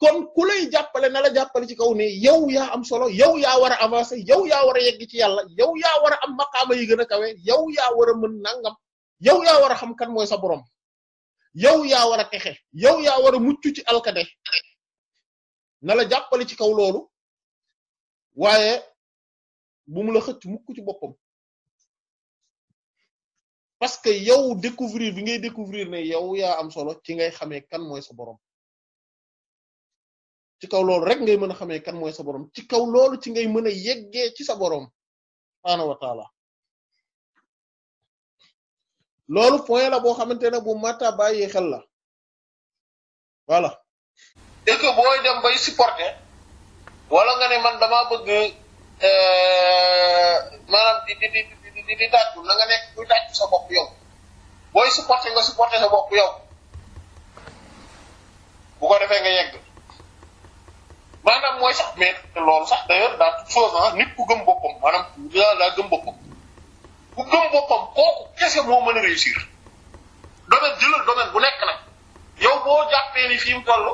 kon ku lay jàppale nala la ci kaw ne yow ya am solo yow yaa war a avancer yow yaa war a yegg ci yàlla yow ya war a am maqaama yi gën a kawe yow ya war a mën nangam yow yaa war xam kan mooy sa borom yow yaa war a texe yow yaa war a mucc ci alkade na la jàppale ci kaw loolu waaye bu mu la xëcc mukk ci boppam parce que yow découvrir bi ngay découvrir ne yow yaa am solo ci ngay xame kan mooy sa borom ci kaw loolu rek ngay mën a xamee kan mooy sa borom ci kaw loolu ci ngay mën a yeggee ci sa borom subhaanahu wa loolu point la boo xamante ne bu mat a bàyyi xel la voilà. et que booy dem bay supporter wala nga ne man damaa bëgg euh, maanaam di di di di di tàccu nekk buy tàccu sa bopp yow booy supporter nga supporter sa bopp yow bu ko defee nga yegg maanaam mooy sax mais loolu sax d'ailleurs daa toute chose ah nit ku gëm boppam maanaam daa daa gëm boppam. ku gëm boppam kooku kese moo mën a réussir domaine jëlal domaine bu nekk nag yow boo jàppee ni fi mu toll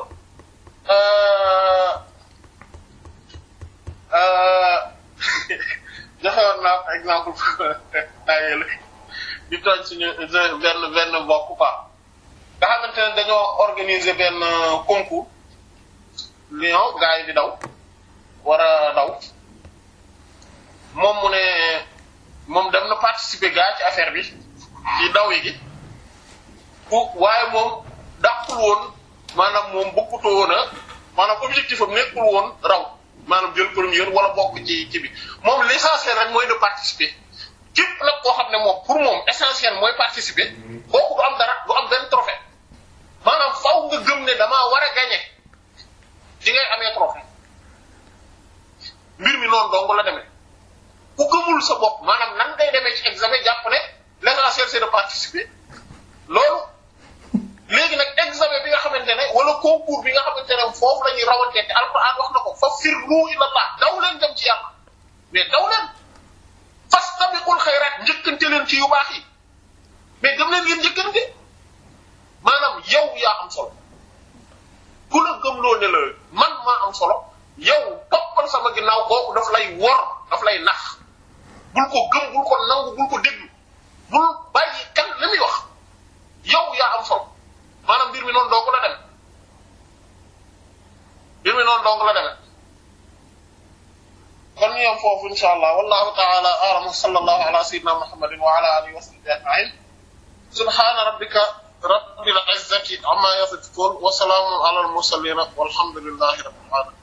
euh, euh, (laughs) joxe woon naa par exemple daayeel di toj suñu benn benn mbokk quoi nga xamante ne dañoo organiser benn concours lion gars yi di daw war daw moom mu ne. moom dem na participer gaa ci affaire bi ci daw yi gi bu waaye moom dàqul woon maanaam moom bokkutoo woon a maanaam objectif am nekkul woon raw maanaam jël première wala bokk ci ci bi moom l'essentiel rek mooy ne participer képp nag koo xam ne moom pour moom essentiel mooy participer kooku du am dara du am benn trophée maanaam faw nga gëm ne damaa war a gagner ci ngay amee trophée mbir mi noonu dong la demee. ku gëmul sa bopp maanaam nan ngay demee ci examen jàpp ne l'essentiel c'est de participer loolu léegi nag examen bi nga xamante ne wala concours bi nga xamante ne foofu la ñuy rawantee te alquran wax na ko fa firru ilallah daw leen dem ci yàlla mais daw leen fastabiqul xayraat njëkkante leen ci yu baax yi mais dem leen ngeen njëkkante maanaam yow yaa am solo ku la gëmloo ne la man maa am solo yow toppal sama ginnaaw kooku daf lay wor daf lay nax bul ko gëm bul ko nangu bul ko déglu bul bàyyi kan li muy wax yow yaa am solo maanaam mbir mi noonu dong la dem mbir mi noonu dong la dem kon ñu yem foofu incha allah wallahu taala a'lam sallallahu ala sayyidina muhammadin wa ala alihi wa sahbihi ajma'in subhana rabbika rabbil izzati amma yasifun wa salamun ala al mursalin walhamdulillahi rabbil alamin